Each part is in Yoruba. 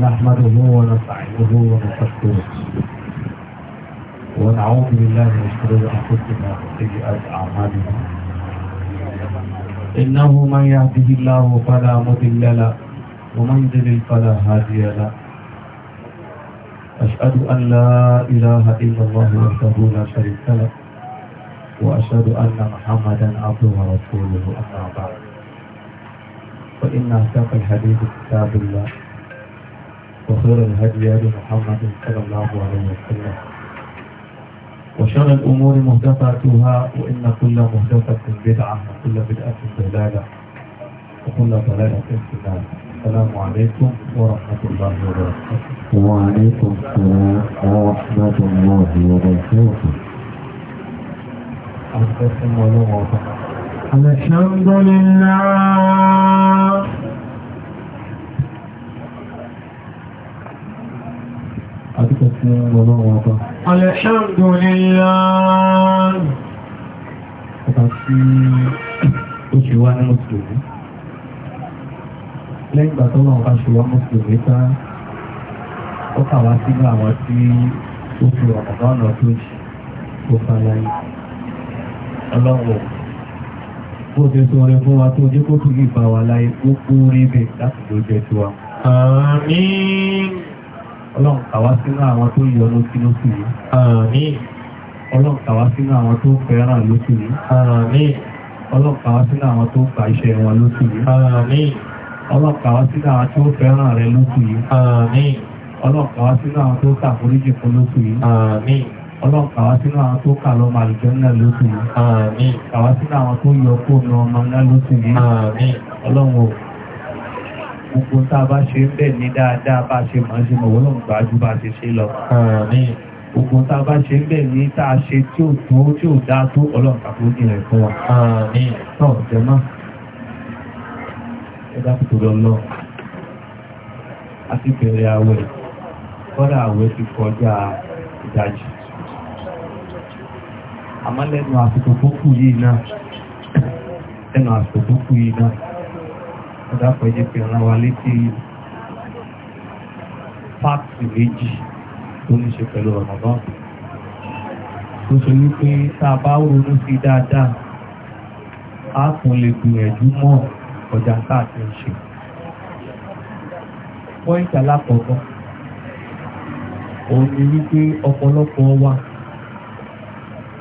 نحمده ونستعينه ونستغفره ونعوذ بالله من شرور انفسنا وسيئات اعمالنا انه من يهده الله فلا مضل له ومن يضلل فلا هادي له اشهد ان لا اله الا الله وحده لا شريك له واشهد ان محمدا عبده ورسوله اما بعد فان اصدق الحديث كتاب الله وخير الهدي هدي محمد صلى الله عليه وسلم وشر الأمور مهدفاتها وإن كل مهدفة بدعة وكل بدعة ضلالة وكل ضلالة في النار السلام عليكم ورحمة الله وبركاته وعليكم السلام ورحمة الله وبركاته الحمد لله fún ọlọ́run ọba. Alhamdulillah. Ọba tí ó ṣe wá ní Mùsùlùmí. Lẹ́yìn ìgbà tó náà bá ṣe wá Mùsùlùmí tá, ó kà wá sínú àwọn tí ó fi ọ̀pọ̀ ọ̀nà tó ṣe tó fàlàyé. Ọlọ́run bó ṣe sọ rẹ fún wa tó jẹ́ kó tún lè bá ó kú rí bẹ̀ láti ló jẹ́ tiwa. Àmín ọlọ́run kàwá sínú àwọn tó yọ lókí lókì yìí. àmín. ọlọ́run kàwá sínú àwọn tó fẹ́ràn lókì yìí. àmín. ọlọ́run kàwá sínú àwọn tó gba iṣẹ́ wọn lókì yìí. ni. ọlọ́run kàwá sínú àwọn tó fẹ́ràn rẹ lókì yìí. àmín. ọlọ́run kàwá sínú àwọn tó ṣàforíjì fún lókì yìí. àmín. ọlọ́run kàwá sínú àwọn tó kà lọ́mọ àlùjọ́ náà lókì yìí. àmín. sínú àwọn tó yọ kó ọmọ náà lókì yìí. àmín. ọlọ́run ò gbogbo tá a bá ṣe ń bẹ̀ ní dáadáa bá ṣe máa ṣe mọ̀wọ́ lọ́nà gbájú bá ṣe ṣe lọ. gbogbo tá a bá ṣe ń bẹ̀ ní tá a ṣe tí ò tó tí ò dáa tó ọlọ́run kàkó ní rẹ̀ fún wa. tọ́ jẹ́mọ́ ẹ dákòtò lọ lọ àti bẹ̀rẹ̀ àwẹ̀ kọ́dà àwẹ̀ ti kọjá ìdájì. àmọ́ lẹ́nu àsìkò tó kù yìí náà ọ̀dàpọ̀ ẹ̀jẹ̀ pé ọ̀ràn wa létí fáàkì méjì tó ní ṣe pẹ̀lú ọ̀nà náà tó ṣe wípé tá a bá ronú sí dáadáa a tún lè gbìyànjú mọ́ ọjà káàkiri ṣe pọ́ìntì alákọ̀ọ́kọ́ òun ni wípé ọ̀pọ̀lọpọ̀ wa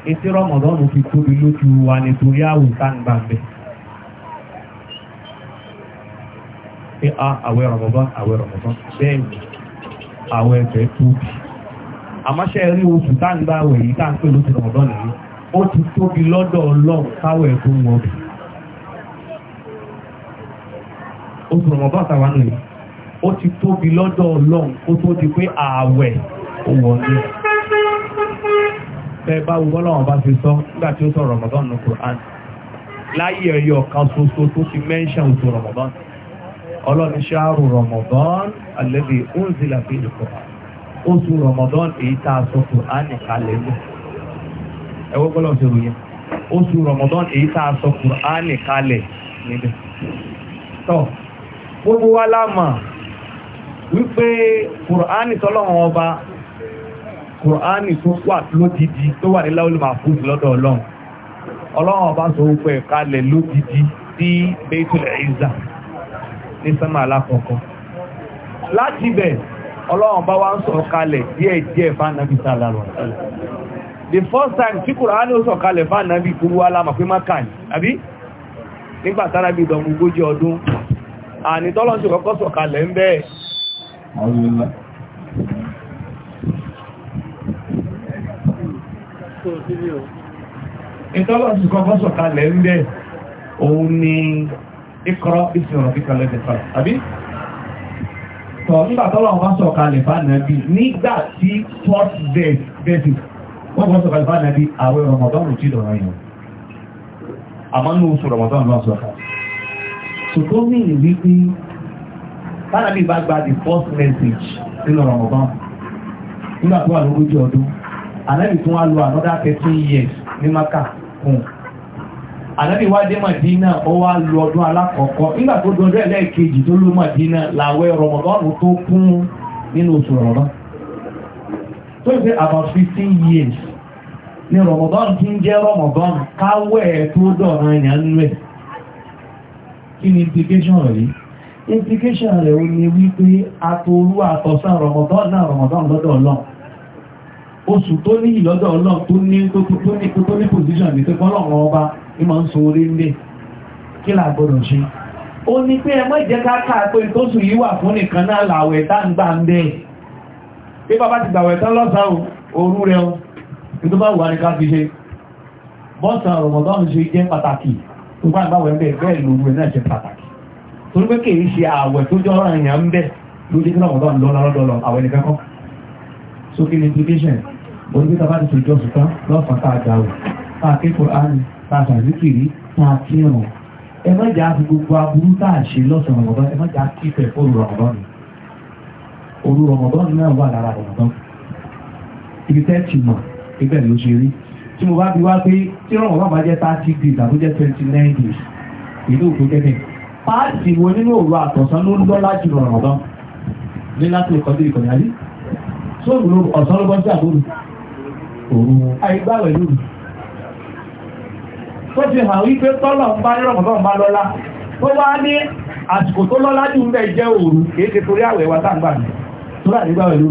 etí rọmọdọ́nù fi tóbi lójú wa nítorí àwòká ń gbàgbẹ́ pé a ah, awe Ramadan àwẹ̀ Ramadan bẹ́ẹ̀ ni àwẹ̀ ẹ̀fẹ̀ tóbi àmáṣẹ́ rí oṣù tá ń yìí tá lóṣù ti tóbi lọ́dọ̀ Ọlọ́run káwẹ̀ tó wọ́n bì oṣù Ramadan ti tóbi lọ́dọ̀ Ọlọ́run tó di pé ó wọ́n ní bá sọ nígbà tí ó sọ láyé kan ṣoṣo tó ọlọ́ni ṣáàrù rọmọdán alẹ́bí ounzila fi ìkọ̀ oṣù rọmọdán èyí tá a sọ kùránì kalẹ̀ ní ẹwọ́ gbọ́dọ̀ ṣe ròyìn oṣù rọmọdán èyí tá a sọ kùránì kalẹ̀ níbẹ̀ tọ́ gbogbo wa lámà wípé kùránì tọ́lọ́run ọba kùránì tó wà lódidi tó wà ní láwùlù mahfuz lọ́dọ̀ ọlọ́run ọlọ́run ọba sọ gbogbo kalẹ̀ lódidi sí Baitul Izzah ní sánmà alákọ̀ọ́kọ́ láti bẹ̀ ọlọ́run bá wá ń sọ kalẹ̀ díẹ̀ díẹ̀ fánàbí the first time tí Kùránì ó sọ kalẹ̀ fánàbí gbogbo alamà pé máa kàn àbí nígbà tánábí ìdọ̀mùgójì ọdún ànitọ́lọ́ sí kọ́kọ́ sọ kọ́kọ́ ń òun ni ikọ́rọ́ ìsìn ọ̀rọ̀ kíkọ́ lẹ́dẹ̀ fọ́lá àbí tọ̀ nígbà tọ́lọ̀ wọn sọ kalẹ̀ fánàbí nígbà tí fourth day bẹ́sì wọ́n bọ́ sọ kalẹ̀ fánàbí àwẹ̀ rọmọdọ́rùn tí lọ́rọ̀ yàn àmọ́ ní oṣù rọmọdọ́rùn náà sọ kalẹ̀ ṣùgbọ́n mi ì wí pé fánàbí bá gba the first message nínú rọmọdọ́rùn nígbà tó wà lógójì ọdún àlẹ́ ìtún wa lo another thirteen years ní maka fún un ànábì wá dé màdínà ó wá lu ọdún alákọ̀ọ́kọ́ nígbà tó dún ẹlẹ́ẹ̀kejì tó lu màdínà làwẹ̀ rọmọdọ́nù tó kún nínú oṣù rọmọdọ́n tó ń about 15 years ní rọmọdọ́n tí ń jẹ́ rọmọdọ́n káwẹ́ tó dọ̀ràn yàn ń lẹ̀ kí ni implication rẹ̀ implication rẹ̀ ó ní wípé atorú àtọ̀sán rọmọdọ́n náà rọmọdọ́n lọ́dọ̀ ọlọ́run oṣù tó ní ìlọ́dọ̀ ọlọ́run tó ní tó ní position ní pé kọ́lọ́run ọba ní máa ń so orí ń lè kí là gbọ́dọ̀ ṣe ó ní pé ẹ má jẹ́ ká kà pé tó sùn yìí wà fún nìkan náà làwẹ̀ tá ń gbà ń bẹ́ẹ̀ pé bàbá ti gbàwẹ̀ tán lọ́sàn-án òru rẹ̀ o kí tó bá wà ní ká fi ṣe bọ́sàn rọ̀mọ̀dọ́n ṣe jẹ́ pàtàkì so kí implication orí bí tàbá ti ṣe ìjọsùn tán lọ́sàn-án tá a gbàwẹ̀ tàṣà zikiri tàà kírun ẹ má jà fi gbogbo aburú tàà ṣe lọ́sàn-án rọ̀mọ́dán ẹ má jà kí fẹ́ fóru rọ̀mọ́dán ni òru rọ̀mọ́dán náà wà lára rọ̀mọ́dán ibi tẹ́ ti mọ̀ ibẹ̀ ló ṣe rí tí mo bá bi wá pé tí rọ̀mọ́dán bá jẹ́ thirty days àbó jẹ́ twenty nine days ìlú òkú kẹ́kẹ́ páàtì wo nínú òru àtọ̀sán ló ń lọ́lá jù rọ̀mọ́dán ní láti ìkọ́jú ìkọ̀ní àdí sóòrùn ọ̀sán ló bọ́ sí àbúrò òru àìgbáwẹ̀ lóru tó fi hàn wípé tọ́lọ̀ ń bá rírọ̀ mọ́tọ́ bá lọ́lá tó wá ní àsìkò tó lọ́lá jù ń bẹ jẹ́ òru kìí ṣe torí àwẹ̀ wa tá ń gbà ní tó rà nígbà pẹ̀lú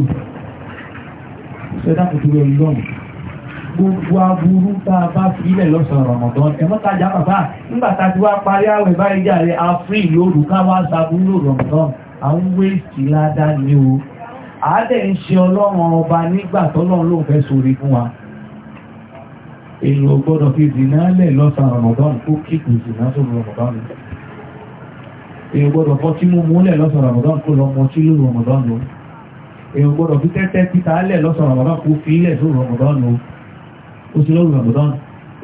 ṣẹ́dá kùtù rẹ̀ lọ́n gbogbo a bá fi a ti wá parí àwẹ̀ báyìí jàre afrí lóru ká wá saburú lò rọ̀mọ̀dán à ń wé ìtì ládá o àádẹ́ ń ṣe ọlọ́run ọba nígbà ló fẹ́ sórí fún wa èyí ò gbọ́dọ̀ fi zìnà lẹ̀ lọ́sàn Ramadan kó kíkù zìnà tó Ramadan èyí ò gbọ́dọ̀ fọ́ tí mú múlẹ̀ lọ́sàn Ramadan kó lọ mọ tí lóru Ramadan lọ èyí ò gbọ́dọ̀ fi tẹ́tẹ́ títa lẹ̀ lọ́sàn Ramadan kó fi ilẹ̀ tó Ramadan lọ ó sì lóru Ramadan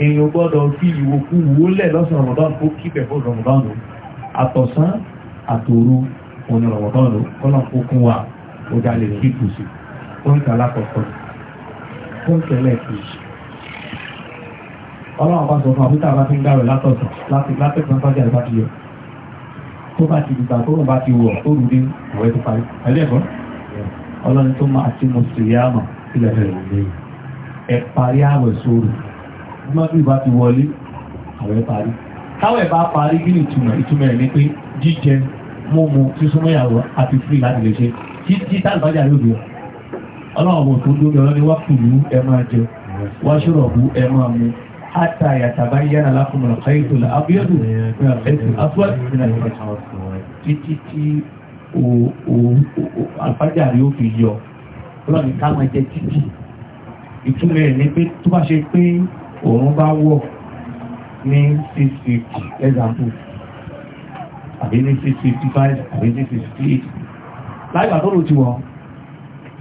èyí ò gbọ́dọ̀ fi ìwòkú wólẹ̀ lọ́sàn Ramadan kó kíkẹ̀ fún Ramadan lọ àtọ̀sán àtòru òní Ramadan lọ kọ́nà kó kún wa ó dá lè kíkù sí pọ́ńtà alákọ̀ọ́kọ́ pọ́ńtà ẹlẹ́ẹ̀kejì ọlọ́run bá sọ fún àbúkà bá ti ń gbàwẹ̀ látọ̀sán láti látẹ̀sán fájà ìbá ti yọ tó bá ti gbà tó bá ti wọ̀ tó rúdé ìwẹ̀ tó parí ẹlẹ́gbọ́n ọlọ́run tó máa ti mọ̀ sí yáàmà sílẹ̀ rẹ̀ ẹ parí àwẹ̀ sóòrù bí wọ́n ti bá ti wọlé àwẹ̀ parí táwẹ̀ bá parí kí ni ìtumọ̀ ìtumọ̀ ẹ̀ ní pé jíjẹ mímu sísúnmọ́ ìyàwó àti fúri láti lè ṣe títí táàbájà yóò حتى يتبين لكم الخيط الأبيض من الخيط الأسود من الخيط títí tí àlùfájàrí ó fi yọ lọ́nà káwọn jẹ títí ìtumọ̀ ẹ̀ ní pé tó bá ṣe pé òun bá wọ̀ ní 650 example àbí ní 655 àbí ní 658 láìpàá tó lò ti wọ̀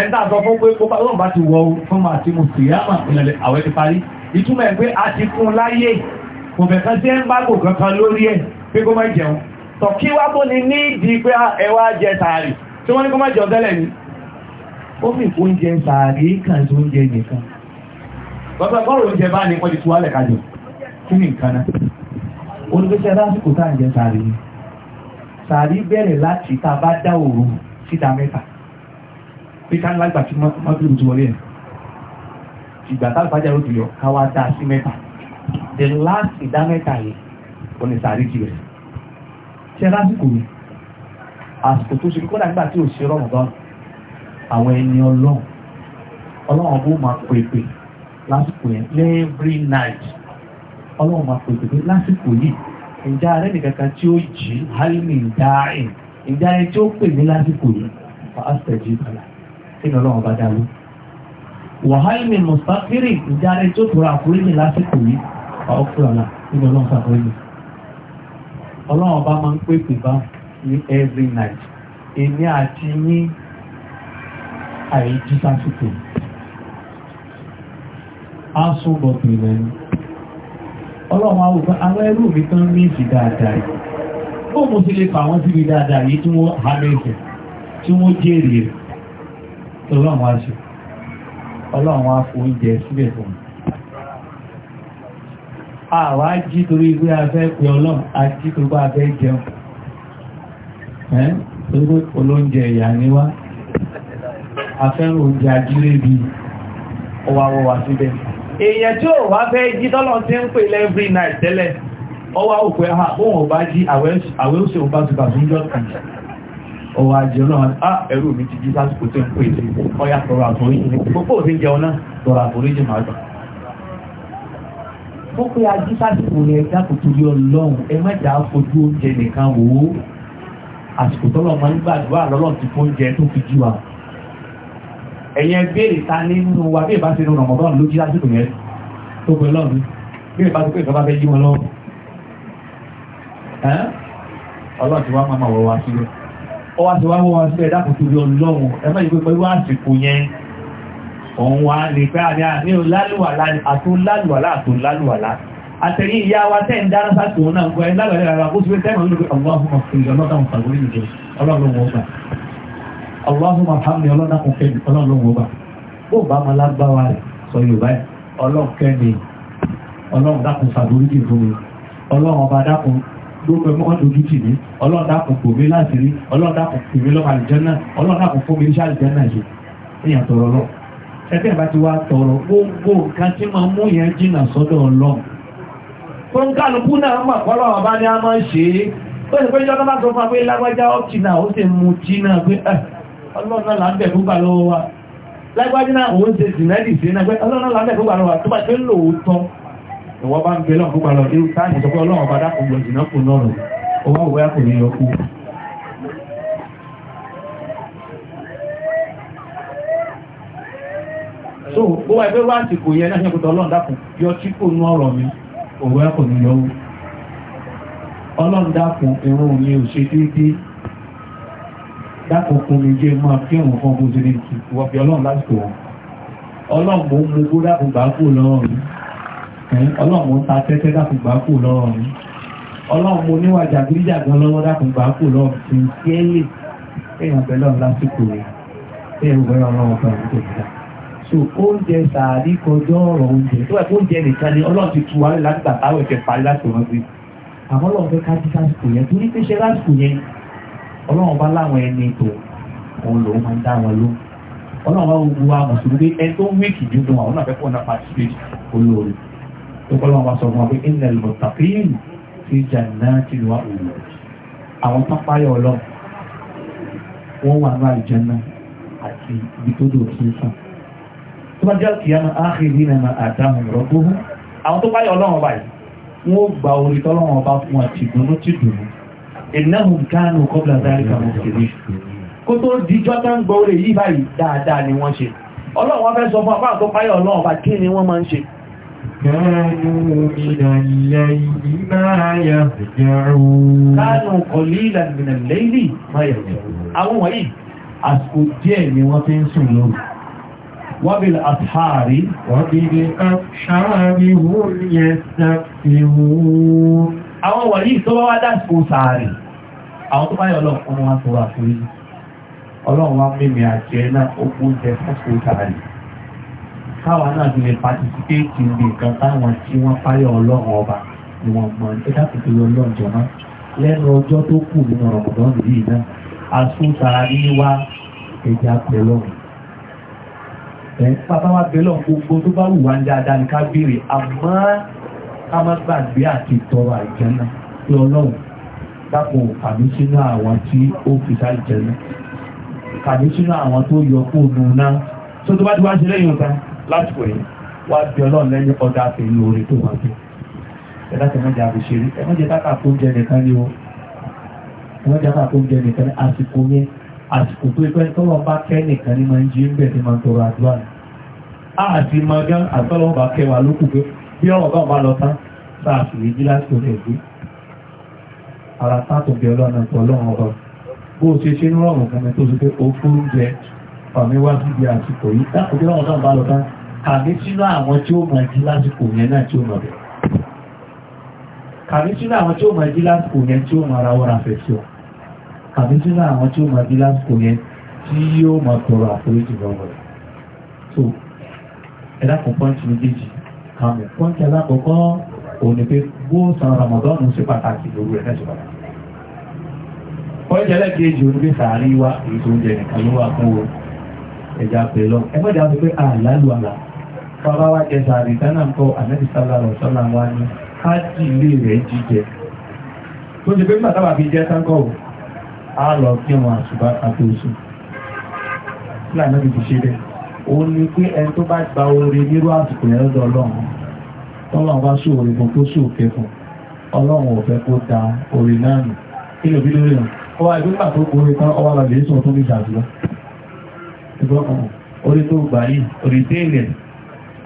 ẹ̀ntà sọ fún pé kó pàtàkì bá ti wọ fún ma ti mú síyámà ìrìnlẹ̀ àwẹ̀ ti parí ìtumẹ̀ pé a ti fún láyé kò fẹ̀ kan sí ẹ́mbàgò kankan lórí ẹ̀ pé kó má jẹun tọ̀ kí wá tó ní ní ìdí pé ah, ẹwà jẹ sàárì tí wọ́n ní kó má jẹun tẹ́lẹ̀ ni ó fi oúnjẹ sàárì kan sí oúnjẹ nìkan bàbá bọ́ọ̀rọ̀ oúnjẹ bá ní pọ́jù tí kájọ kí ni nǹkan náà olùgbésẹ̀ lásìkò tá à ń jẹ sàárì ni sàárì bẹ̀rẹ̀ láti tá bá dá òru síta mẹ́ta pé ká lágbà tí mọ́tò ti wọlé ẹ̀ saja tá àlùfájà ló ti yọ the last ìdá mẹ́ta yìí ò juga. sàárì jù rẹ̀ ṣe lásìkò mi àsìkò tó ṣe kódà nígbà tí ò ṣe rọ̀mọ̀dán àwọn ẹni ọlọ́run Last bó every night allah máa pèpè pé lásìkò yìí ǹjẹ́ ààrẹ nìkankan tí ó jí hálìmì cuci ǹjẹ́ ààrẹ tí ó pè kí ni ọlọ́run bá dárú wàhálìmí mùsàfírì ìjáre tó tóra àforíjì lásìkò yìí ọ̀ọ́kùnrọ̀lá nínú ọlọ́run ọlọ́run máa ń pèpè bá ní every night èmi àti yín àìjí sásìkò á sún ọlọ́run awùgbà àwọn ẹrú mi tán ní ìsì yìí bó mo ti lè fà síbi dáadáa yìí tí wọ́n há mẹ́sẹ̀ tí wọ́n ọlọ́run a ọlọ́run afọ oúnjẹ síbẹ̀ fún un àwa jí torí ìwé afẹ́ pé ọlọ́run a jí torí bá afẹ́ jẹun ẹ́ torí pé olóúnjẹ oúnjẹ ajílé bí ọwáwọ́wá síbẹ̀ èèyàn tí ò wá fẹ́ jí ọwọ́ ajé ọlọ́run á ah, ẹ̀rù mi ti jí lásìkò tó ń pè sí ọyá tọrọ àforíjì ní gbogbo òfin jẹun náà tọrọ àforíjì máa gbà. wọ́n pe ají sásìkò rẹ̀ dákò torí ọlọ́run ẹ mẹ́ta fojú oúnjẹ nìkan wò ó àsìkò tọ́lọ̀ máa ń gbàdúrà lọ́lọ́run ti fún oúnjẹ tó fi jí wa. ẹ̀yẹ béèrè ta nínú wa bí ìbá ṣe nu rọ̀mọ́dọ́n ló jí lásìkò yẹn tó pe lọ́run bí ìbá pé ìjọba ọwá ti wá wọ́n fẹ́ dákùtù lọ lọ́wọ́ ẹmọ́ ìgbé pẹ̀lú àsìkò yẹn òun wá lè pẹ́ àríà ní lálùwàlá àtún lálùwàlá àtún lálùwàlá àtẹ̀yìn ìyá wa tẹ́ ń dáná sáàtì òun náà gbọ́ ẹ lálùwàlá rárá kó síbẹ̀ tẹ́mọ̀ lórí ọlọ́hùnmọ̀ fún ìjọ lọ́dà ń fàgbórí ìjọ ọlọ́run ọba ọlọ́hùnmọ̀ fámi ọlọ́dà kò kẹ́mi ọlọ́run ọba bó bá máa lágbáwa rẹ̀ sọ yorùbá ẹ̀ ọlọ́run kẹ́mi ọlọ́run dákun fàgbórí ìjọ fún mi ọlọ́run ọba dákun lórúkọ ẹ̀mọ́ wọn dojú tì mí kò mí láti rí ọlọ́run dákun kò mí lọ́mọ àlìjẹ́nà ọlọ́run dákun fún mi ṣe èèyàn tọrọ lọ ti wá tọrọ gbogbo nǹkan tí máa mú yẹn jìnnà sọ́dọ̀ ọlọ́run náà mọ̀ ọba ni a máa ń ṣe é ìjọ bá fún eh, ọ̀tí náà ìwọ bá ń bẹ lọ́n púpà lọ irú táàmù sọ pé ọlọ́run bá dákùn gbọ̀n jìnà kù náà ó wá òwe àkùn ní ọkù so ó wá ẹgbẹ́ wá àsìkò yẹn náà ṣẹ́kùtọ̀ ọlọ́run dákùn yọ tí kò nú ọ̀rọ̀ mi òwe àkùn ní ọwọ́ ọlọ́run dákùn irun mi ò ṣe déédéé dákùn kún mi jẹ́ máa kí òun fún ọgbọ́n ṣe ní ìwọ̀fẹ́ ọlọ́run lásìkò wọn ọlọ́run mò ń mú gbó dákùn gbàgbó lọ́rùn ọlọ́run mo ń ta tẹ́tẹ́ dákun gbà kù lọ́rọ̀ mi ọlọ́run mo níwà jàgídíjà gan lọ́wọ́ dákun gbà kù lọ́rọ̀ mi kí ẹ ọlọ́run so oúnjẹ sàárì kọjọ́ ọ̀rọ̀ oúnjẹ tó wà pé oúnjẹ nìkan ni ọlọ́run ti tu wálé láti gbàtàwọ̀ ẹ̀fẹ̀ parí láti wọ́n gbé àmọ́ ọlọ́run fẹ́ kájí lásìkò yẹn torí pé ṣe lásìkò yẹn ọlọ́run bá láwọn ẹni tó òun lòun máa ń dá wọn lóhùn ọlọ́run bá gbogbo wa mọ̀ ẹni tó ń wíìkì dúdú àwọn náà náà participate olóore ìpọ́lọ́wọ́ sọ fún wa pé innal muttaqin fi jannatin wa uyun àwọn pápáyọ̀ ọlọ́run wọ́n wà ní àlùjánnà àti ibi tó dò sí sàn tó bá jẹ́ kìyàmá áàkiri nínú àdáhùn rọ́gbóhùn àwọn tó páyọ̀ ọlọ́run báyìí wọ́n gba orí tọ́lọ́wọ́n bá fún wa ti dùnú ti dùnú ìnáhùn kánú kọ́bílà záríkà mọ̀sílẹ̀ kó tó díjọ́ tán gbọ́ orí yìí báyìí dáadáa ni fẹ́ sọ fún apá àtọ́páyọ̀ ọlọ́run bá kí ni wọ́n máa ń ṣe وكانوا من الليل ما يهجعون كانوا قليلا من الليل ما يهجعون àwọn wọ̀nyí àsìkò díẹ̀ ni wọ́n fi ń sùn lọ wọ́bìl àtàrí wọ́bìl àtàrí wọ́n yẹ sàfihàn àwọn wọ̀nyí tó bá wá dásìkò sàárì àwọn tó báyọ̀ ọlọ́run wọn wá tó wà fún yí ọlọ́run wá mímì àjẹ́ náà ó kún jẹ fún sàárì káwa náà ti lè patisipéètì níbi nǹkan táwọn tí wọ́n páyọ̀ ọlọ́run ọba ni wọ́n mọ̀ ní ẹ̀dá tó torí ọlọ́run jọ̀mọ́ lẹ́nu ọjọ́ tó kù nínú ọ̀rọ̀mọ̀dán yìí náà asúntara ní wá ẹja pẹ̀lọ́run. ẹ̀ bàbá wa bẹ̀lọ́ gbogbo tó bá wù wá ní dáadáa ní ká béèrè àmọ́ ká má gbàgbé àti tọrọ àìjẹ́nà sí ọlọ́run dápò àmì sínú àwọn tí ó fi sáà jẹ́nà àmì sínú àwọn tó yọ kó náà tó tó bá ti wá ṣe lẹ́yìn ọ̀gá lásìkò yìí wá bí ọlọ́run lẹ́yìn ọjà àti ìlú orí tó wà tó ẹ̀dá tẹ̀ mọ́jà àbí ṣeré ẹ mọ́jà tákà tó ń jẹ nìkan ni o ẹ mọ́jà tákà tó ń jẹ nìkan ni àsìkò yẹn àsìkò tó ẹgbẹ́ tọ́lọ́ bá kẹ́ nìkan ni máa ń jí ń bẹ̀ tí máa ń tọrọ àdúrà ni a àti máa gán àtọ́lọ́ bá kẹ́ wa lókù pé bí ọ̀rọ̀ bá wà lọ tán sáà sì lè jí lásìkò lè ara tátò kàmí sínú àwọn tí ó mọ̀ jí lásìkò yẹn náà tí ó mọ̀ bẹ̀ kàmí sínú àwọn tí ó mọ̀ jí lásìkò yẹn tí ó mọ̀ ara wọ́ra fẹ̀ sí ọ kàmí sínú àwọn tí ó mọ̀ jí lásìkò yẹn tí yóò mọ̀ tọrọ àforíjì lọ́wọ́ rẹ̀ so ẹ̀dá kan pọ́ǹtì méjèèjì kàmí pọ́ǹtì alákọ̀ọ́kọ́ òun ni pé bó san Ramadan sí pàtàkì lórí rẹ̀ náà sí pàtàkì ọjọ́lẹ̀ kejì oníbí sàárì wá èyí tó ń jẹ nìkan ló wà fún o ẹja pẹ̀lọ́ ẹgbẹ́jà sọ pé àlálù àlà bàbá wa jẹ kọ tánà ń kọ́ ní ilé jíjẹ tó ti pé bàtà bàbí jẹ́ sáńkọ́ á lọ kí wọn àti oṣù láàánú ti ṣe bẹ́ẹ̀ òun ni pé tó bá gba oore nírú àsìkò yẹn lọ́dọ̀ bá sùn oore fún tó sùn òkè fún ọlọ́run ò fẹ́ kó da oore náà nù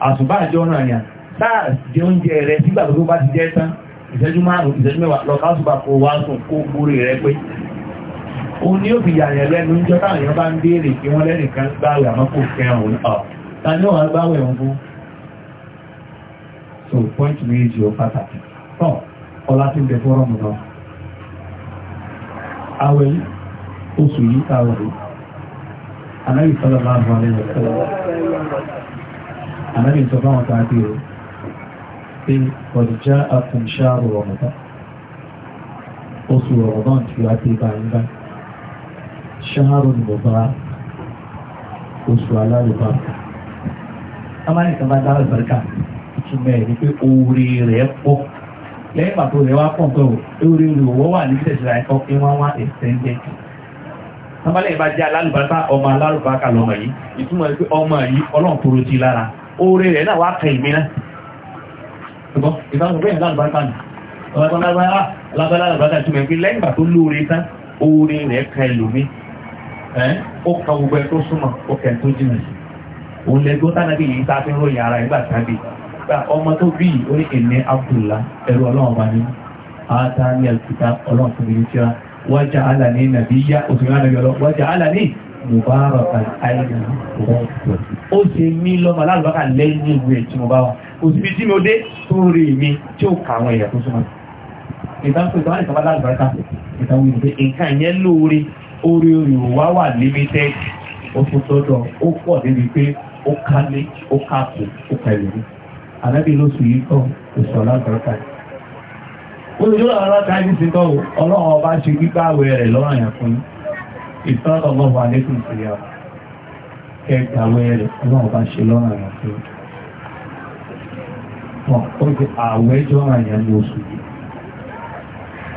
àsùbá àjọ náà yà sáà jẹ oúnjẹ rẹ sígbà tó bá ti jẹ tán ìṣẹ́jú márùn-ún ìṣẹ́jú mẹ́wàá lọ káàsùbà kó wá sùn kó gbórí rẹ pé o ní òfin yàyẹ̀ lẹ́nu ń jọ táwọn èèyàn bá ń béèrè kí wọ́n lẹ́nìkan gbáwẹ̀ àmọ́ kò fẹ́ràn òun ọ̀ ta ní wọ́n gbáwẹ̀ òun fún so ó pàtàkì tán ọlá tí ń bẹ fọ́rọ̀mù náà àwẹ̀ oṣù yìí táwẹ̀ ànábì sọ fáwọn tá a bí o pé ọ̀dìjà àkùnṣà rọ̀mọ̀tán oṣù rọ̀mọ̀tán tí wàá dé báyìí báyìí ṣáàrù ni mo bá oṣù alárùbá amáyé kan bá dára ìbáríkà ìtumọ̀ ẹ̀ ni pé oore rẹ̀ pọ̀ lẹ́yìn pàtó rẹ̀ wá pọ̀ pé oore rẹ̀ wọ́ wà ní ìṣẹ̀ṣẹ̀ àìkọ́ pé wọ́n wá ẹ̀sẹ̀ńdẹ̀ sábàlẹ̀ ìbá jẹ́ alárùbá ọmọ alárùbá lọ́mọ yìí ìtumọ̀ ẹ̀ pé ọmọ yìí ọlọ́run tó rotí lára oore rẹ̀ náà wá kẹ ìmìnà ṣùgbọ́n ìfàṣọ bẹ́ẹ̀ lálùbáríkà nì ọ̀rọ̀ lálùbáríkà túnmẹ̀ pé lẹ́yìn ìgbà tó lóore tán oore rẹ̀ kẹ lómi ó kà gbogbo ẹ tó súnmọ́ ó kẹ tó jìnà sí òun lẹ́gbọ́n tánàbí yìí tá a fi ròyìn ara ìgbà tàbí ọmọ tó bí orí ìní Abdullah ẹrú ọlọ́run bá ní àtàní ẹ̀kúta ọlọ́run fún mi ní tíra wájà alàní nàbíyá òṣèlú mubaraka aina ó ṣe mí lọ́mọ aláàlùbákà lẹ́yìn ìwé tí mo bá wà kò síbi tí mo dé tó rí mi tí ó kà àwọn èèyàn tó súnmọ́ ìtàkùn ìtàwọn ìtàwọn aláàlùbákà ìtàwọn ìwé nǹkan yẹn lóore orí orí wa wà limited ó tó tọ́jọ́ ó pọ̀ débi pé ó kálé ó káàkó ó kẹlẹ̀ rí ànábì lóṣù yìí kọ́ oṣù aláàlùbákà olùdó àwọn aláàlùbákà yìí ti kọ́ ọlọ́run ọba ṣe gbígbà àwẹ̀ rẹ̀ lọ́rọ̀ yẹn fún yín ìfọ́nà ọlọ́wọ́ alẹ́kùn sí ya kẹgbàwẹ́ rẹ̀ ọlọ́wọ́ bá ṣe lọ́nà rẹ̀ fún wọn ó ti àwẹ́ jọ́nà yẹn ní oṣù yìí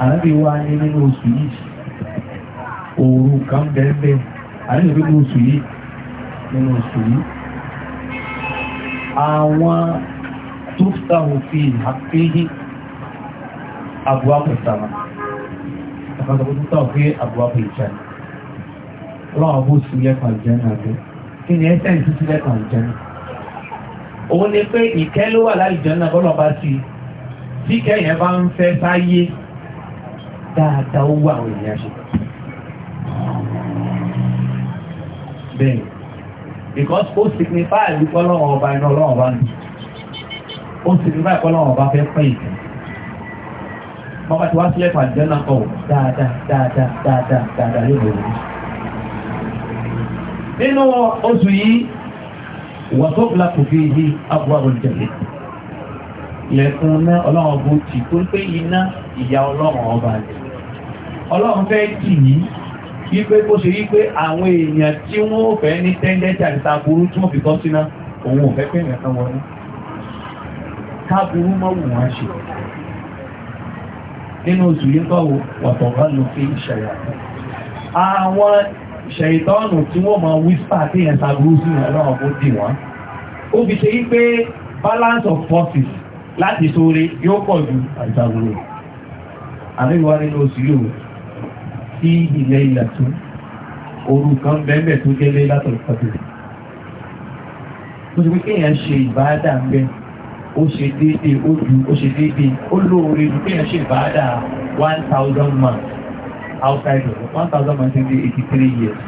àárí wá ní nínú oṣù yìí òru àwọn tó sáwọn fi àpéyí àbúwápù sàmà àkàtàkùn tó sáwọn fi àbúwápù ìjẹun ọlọ́run sí lẹ́kọ̀ọ́ àlùjẹ́nà àbẹ́ kí ni ẹ́sẹ̀ ní títí lẹ́kọ̀ọ́ àlùjẹ́nà. òun ni pé ìkẹ́ ló wà lálùjẹ́nà bọ́lọ̀ bá ti tí kẹ́yìn bá ń fẹ́ sáyé dáadáa ó wà àwọn ènìyàn ṣe. bẹ́ẹ̀ because ó signify wípé ọlọ́run ọba iná ọlọ́run ọba nù ó signify pé ọlọ́run ọba fẹ́ pẹ́ ìtàn bọ́bá ti wá sílẹ̀ pàdé náà kọ̀ dáadáa dáadáa dáadáa dáadáa yóò lè nínú oṣù yìí wà tó bla kò fi yí abúlé olùjẹ̀lẹ̀ lẹ́kùn náà ọlọ́run bó ti tó pé iná ìyá ọlọ́run ọba rẹ̀ ọlọ́run fẹ́ kì í wípé kó ṣe wípé àwọn èèyàn tí wọ́n ò fẹ́ ní tẹ́ńdẹ́tì àti taburú tí wọ́n fi kọ́ síná òun ò fẹ́ pé ìrìn kan wọlé káburú mọ́ wù wọ́n ṣe nínú oṣù yìí kọ́ wọ́n tọ̀gbọ́n lò fi ṣẹ̀yà àwọn ṣẹ̀ìtọ́nù tí wọ́n ma wíṣpà tí yẹn sàgbúrú sí ọlọ́run kó dì wọ́n ó fi ṣe yí balance of forces láti sóre yóò pọ̀ ju àìsàgbúrú àríwá nínú oṣù yóò sí ilẹ̀ ilẹ̀ tó oru kan bẹ́ẹ̀ tó délé látọ̀ ìpàdé tó ti pé kéèyàn ṣe ìbáadà ń bẹ ó ṣe déédéé ó ju ó ṣe one thousand man outside of 1,183 years.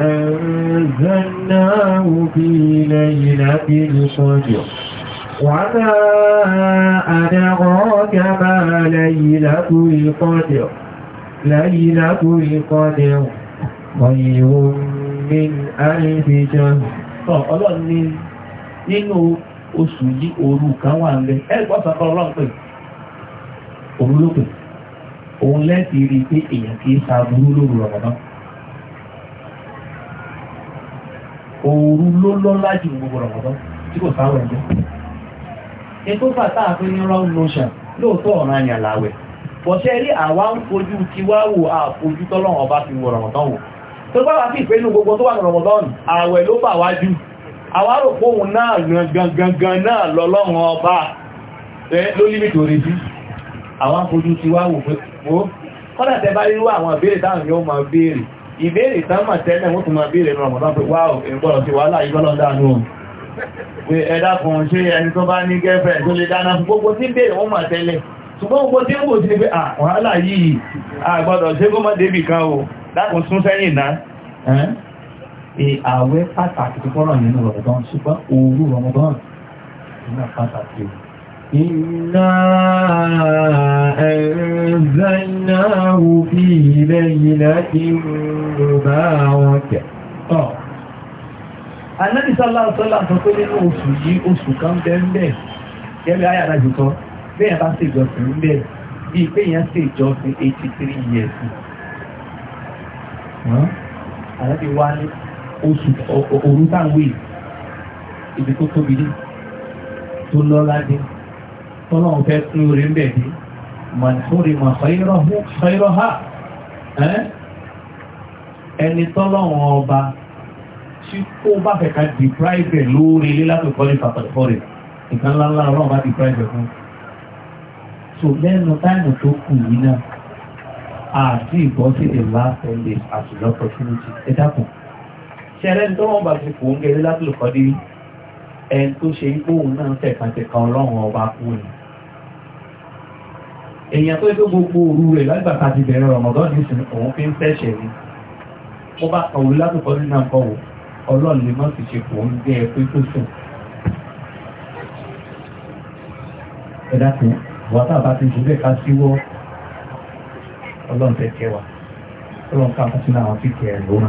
أنزلناه في ليلة القدر وما أدراك ما ليلة القدر ليلة القدر خير من ألف شهر Ọlọ́run ni nínú oṣù yìí òru kan wà ń lẹ ẹgbọ́sọ̀kọ́ ọlọ́pẹ̀ òru òun lẹ́sìn rí i pé èèyàn kì í sa burú lóru Ramadan. òru ló lọ́lá jù gbogbo Ramadan tí kò sáwọ̀ ẹ̀jẹ̀. ètò fàtà àfin ní round notion lóòótọ́ ọ̀ràn àyàn làwẹ̀ bọ̀ṣẹ́ rí àwa ń fojú tiwa wò àfojú tọ́lọ́run ọba fi wọ Ramadan wò tó bá wà sí ìpẹ́nu gbogbo tó wà ní Ramadan àwẹ̀ ló bà wá jù àwárò fóhun náà gangan náà lọ́lọ́run ọba ló límìtì orí sí àwọn afojú tiwa wo kọ́nà tẹ bá rírú àwọn ìbéèrè táwọn yóò máa béèrè ìbéèrè tán mà tẹ́lẹ̀ wọ́n tún máa béèrè ní ọmọdán pé wá ìgbọ́nà ti wàhálà ìgbọ́nà dánú ohun pé ẹ̀dá kan ṣe ẹni tó bá ní gẹ́fẹ̀ẹ́ tó lè dáná fún gbogbo tí ń béèrè wọ́n mà tẹ́lẹ̀ ṣùgbọ́n gbogbo tí ń wò sí pé wàhálà yìí àgbọ́dọ̀ ṣe gómọ débì kan o dákun sún sẹ́yìn náà ààwẹ̀ pàtàkì tó kọ́rọ̀ nínú ọmọdán ṣùgbọ́n òru ọmọdán pàtàkì إنا أنزلناه في ليلة مباركة Ànábì sallallahu alaihi wasallam sọ pé nínú oṣù yìí oṣù kan bẹ́ẹ̀ gẹ́gẹ́ ayé àdájú kan bẹ́ẹ̀ bá ṣe ìjọsìn ń bẹ́ẹ̀ bí i pé èèyàn ṣe ìjọsìn 83 years. Ànábì wá ní oṣù òru táwọn ibi tó tóbi dé tó lọ́lá tọ́lọ́run fẹ́ tú orí ń bẹ̀ bí mọ̀nìfúnri mọ̀ ṣọ́yírọ́há ẹni tọ́lọ́run ọba tí kó bá fẹ́ ká deprive lórí ilé láti kọ́lé fàtàkọ́rẹ̀ nǹkan ńláńlá ọlọ́run bá deprive fún so lẹ́nu táìmù tó kù yìí náà àti ìgbọ́ sí the last ten days as an opportunity ẹ dákun ṣẹlẹ́ni tọ́lọ́run bá ti kò ń gẹ̀rẹ́ láti lè ẹni tó ṣe ìgbóhùn náà tẹ̀kàtẹ̀kà ọlọ́run ọba kú ni èèyàn tó tó gbogbo òru rẹ̀ lágbàtà ti bẹ̀rẹ̀ ọmọdún ní sin òun fi ń fẹ́ṣẹ̀ ni mo bá kọ̀wé látòkọ́ nínú àkọwò ọlọ́run lè má sì ṣe kò ń gbé ẹ pé tó sùn ẹ̀dá kan wọ́n tá bá ti jù bẹ́ẹ̀ ká síwọ́ ọlọ́run tẹ̀ kẹwàá ọlọ́run ká wá sínú àwọn tí kẹ̀ ẹ̀ lóra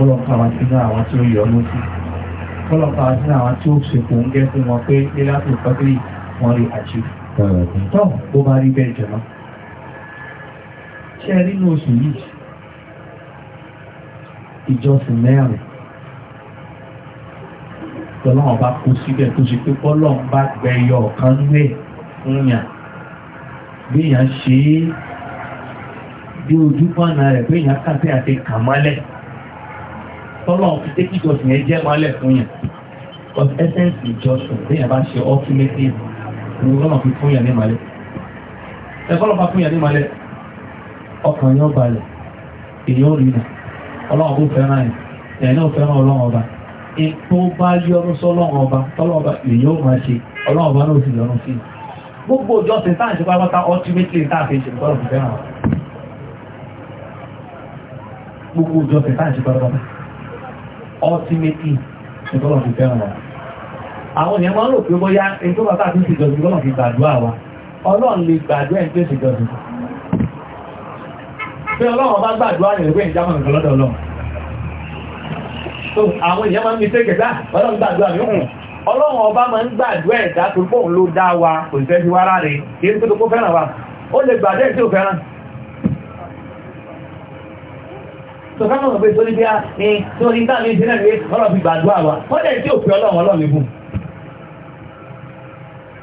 ọlọ́run ká wá sínú àwọn tí ó yọ ọ́ lóṣù kọ́lọ̀pá àti àwọn tí ó ṣe kò ń gẹ́ fún wọn pé lílá tó pẹ́pẹ́lì wọn rí àjì tó bó bá rí bẹ́ẹ̀ jẹ́ náà ṣe nínú oṣù yìí ìjọsìn mẹ́rin tọ́lọ́wọ́n bá kú síbẹ̀ tó ṣe pé kọ́lọ́wọ́n bá gbẹ̀yọ ọ̀kan lé ń bí yàn ṣe é bí ojú pọ́nà rẹ̀ bí yàn kàtẹ́ àti kàmọ́lẹ̀ tọ́lọ̀ fi tẹ́kì ìjọsìn yẹn jẹ́ mọ́lẹ̀ fún yẹn but essence ìjọsìn lẹ́yìn bá ṣe ultimate ní ọlọ́nà fi fún yẹn ní mọ́lẹ̀ ẹgbọ́n bá fún yẹn ní mọ́lẹ̀ ọkàn yóò balẹ̀ èyàn rí nà ọlọ́run kò fẹ́ràn yẹn ẹ̀yìn náà fẹ́ràn ọlọ́run ọba tó bá yí ọdún sọ́lọ́run ọba tọ́lọ́run ọba èyàn máa ṣe ọlọ́run ọba náà sì lọ́rùn sí gbogbo ìjọsìn táà ń ṣe pápátá ultimately táà fi ṣe tọ́lọ̀ fi fẹ́ràn gbogbo ìjọsìn táà ń ṣe pápátá ultimately ìtọ́lọ̀ fi fẹ́ràn wa àwọn èèyàn máa ń rò pé bóyá ẹni tó bàbá àti ìṣèjọsìn ìtọ́lọ̀ fi gbàdúrà wa ọlọ́run lè gbàdúrà ẹni tó ìṣèjọsìn pé ọlọ́run bá gbàdúrà rẹ̀ pé ìjámọ̀ nǹkan ọlọ́run so àwọn èèyàn máa ń mi ṣe kẹta ọlọ́run gbàdúrà mi hùn hmm. ọlọ́run ọba máa ń gbàdúrà ẹ̀dá tó pọ̀ ló dá wa kò sí fẹ́ fi kí ó tó fẹ́ràn wa ó lè gbàdúrà tí ò fẹ́ràn sọ̀kánà ọ̀pẹ tó ní bí a ní tí wọ́n ní táàmì ìṣẹ́lẹ̀ rẹ̀ ọ̀rọ̀ fi gbàdúrà wa wọ́n dẹ̀ tí ò fi ọlọ́run ọlọ́run ibùn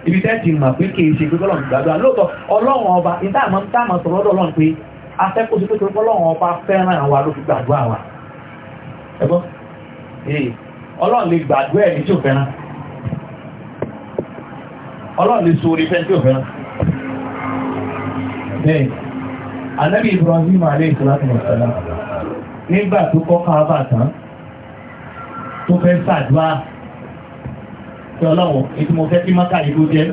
ibi tẹ́ ti mà pé kìí ṣe pé ọlọ́run gbàdúrà lóòótọ́ ọlọ́run ọba ìtààmọ́ táàmọ́ sọ̀rọ̀ lọ́dọ̀ ọlọ́run pé afẹ́kọ̀ọ́ sí pé ọlọ́run ọba fẹ́ràn wa ló fi gbàdúrà wa ẹgbọ́n ọlọ́run lè Ibrahim alayhi salatu wa salam nígbà tó kọ́ káábà tán tó fẹ́ ṣàdúrà tí ọlọ́wọ́ ètò mo fẹ́ kí mọ́kà ìlú jẹ́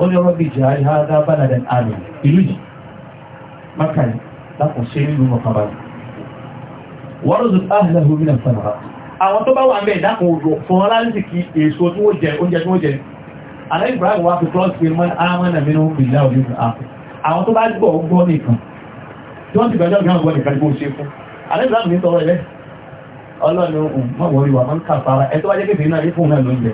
ó ní ọ̀rọ̀ bíi jẹ́ àìháàdá bánadẹ̀ àmì ìlú yìí mọ́kà yìí lápò ṣe nílùú mọ̀kànbá wọ́n rọ̀ zùtà àhìlẹ́hùn mi náà sọ̀rọ̀ àwọn tó bá wà mẹ́ ìdákùn òjò fún aláìsì kí èso tí ó jẹ oúnjẹ tí ó jẹ aláìsì bá wà fi kúrọ́sì pé mọ́ tí wọ́n ti gbẹ̀jọ́ ìgbẹ̀rún ọgbọ̀n nìkan gbó ṣe fún alẹ́gbẹ̀rún ní sọ̀rọ̀ ilẹ̀ ọlọ́ni ohun mọ̀wọ́rí wà máa ń kàfàrà ẹ tó kéfèé náà fún náà lóúnjẹ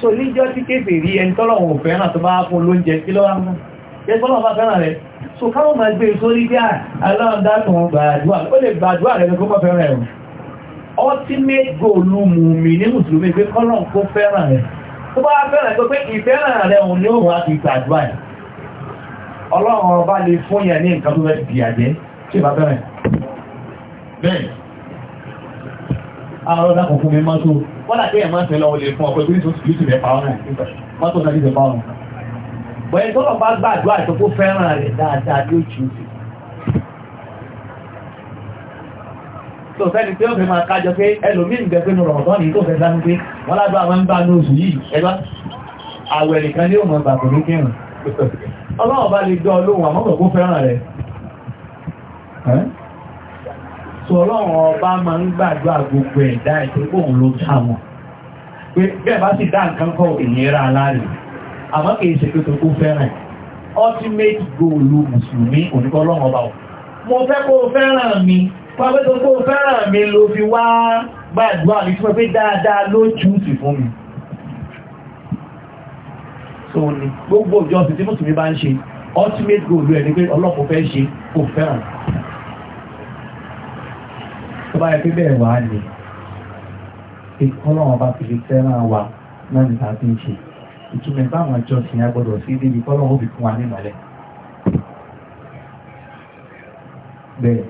so níjọ́ tí kéfèé rí ẹni tọ́lọ̀wọ̀n ò fẹ́ràn tó bá fún lóúnjẹ kí lọ́wọ́ so káwọn máa gbé e sórí bí aláàdákùn ah, gbàdúrà ó lè gbàdúrà rẹ̀ lọ́kọ́ ultimate goal mú mi ní mùsùlùmí pé kọ́lọ̀ kó fẹ́ràn rẹ̀ tó bá fẹ́ràn rẹ̀ pé ìfẹ́ràn rẹ̀ ọlọ́run ọba lè fún yẹn ní nǹkan tó rẹ̀ bí àjẹ́ tí ìbá bẹ̀rẹ̀ bẹ́ẹ̀ àwọn ọ̀dá kò fún mi mọ́tò wọ́n láti ẹ̀ máa ń tẹ̀lọ olè fún ọkọ̀ ìgbésí oṣù yóò tẹ̀lẹ̀ pàwọn náà mọ́tò náà yóò pàwọn bẹ́ẹ̀ tọ́lọ̀ bá gbàdúrà tó kó fẹ́ràn rẹ̀ dáadáa bí ó jù sí tó fẹ́ni tí ó fi máa kájọ pé ẹlòmí ń gẹ̀ẹ́fẹ́ ní rọ̀mọ̀tọ́ ní tó fẹ́ sánú pé wọ́n lágbà wọn ń bá ní oṣù yìí ẹgbá àwẹ̀rẹ̀ kan ní òmọ̀ ìgbà kò ní ọlọ́run bá lè dán olóhùn àmọ́mọ̀ kó fẹ́ràn rẹ̀ so ọlọ́run ọba máa ń gbàdúrà gbogbo ẹ̀dá ìpínpọ̀ òun ló dá wọn pé bẹ́ẹ̀ bá sì dá nǹkan kọ́ ìnira aláàrẹ̀ àmọ́ kìí ṣe pé tó kó fẹ́ràn ultimate goal mùsùlùmí oníkọ́ ọlọ́run ọba wọn mo fẹ́ kó fẹ́ràn mi pàbẹ́ tó kó fẹ́ràn mi ló fi wá gbàdúrà mi fún pé dáadáa ló jù sí fún mi òun ni gbogbo ìjọsìn tí mùsùlùmí bá ń ṣe ultimate goal rẹ̀ ni pé ọlọ́pọ̀ fẹ́ ṣe kò fẹ́ràn tó bá yẹ pé bẹ́ẹ̀ wà á lè ìkọ́lọ́wọ́n bá fi lè fẹ́ràn wa náà nígbà tí ń ṣe ìtumẹ̀ báwọn ìjọsìn agbọ́dọ̀ sí débi kọ́lọ́wọ́ fi fún wa ní ìmọ̀lẹ̀ bẹ́ẹ̀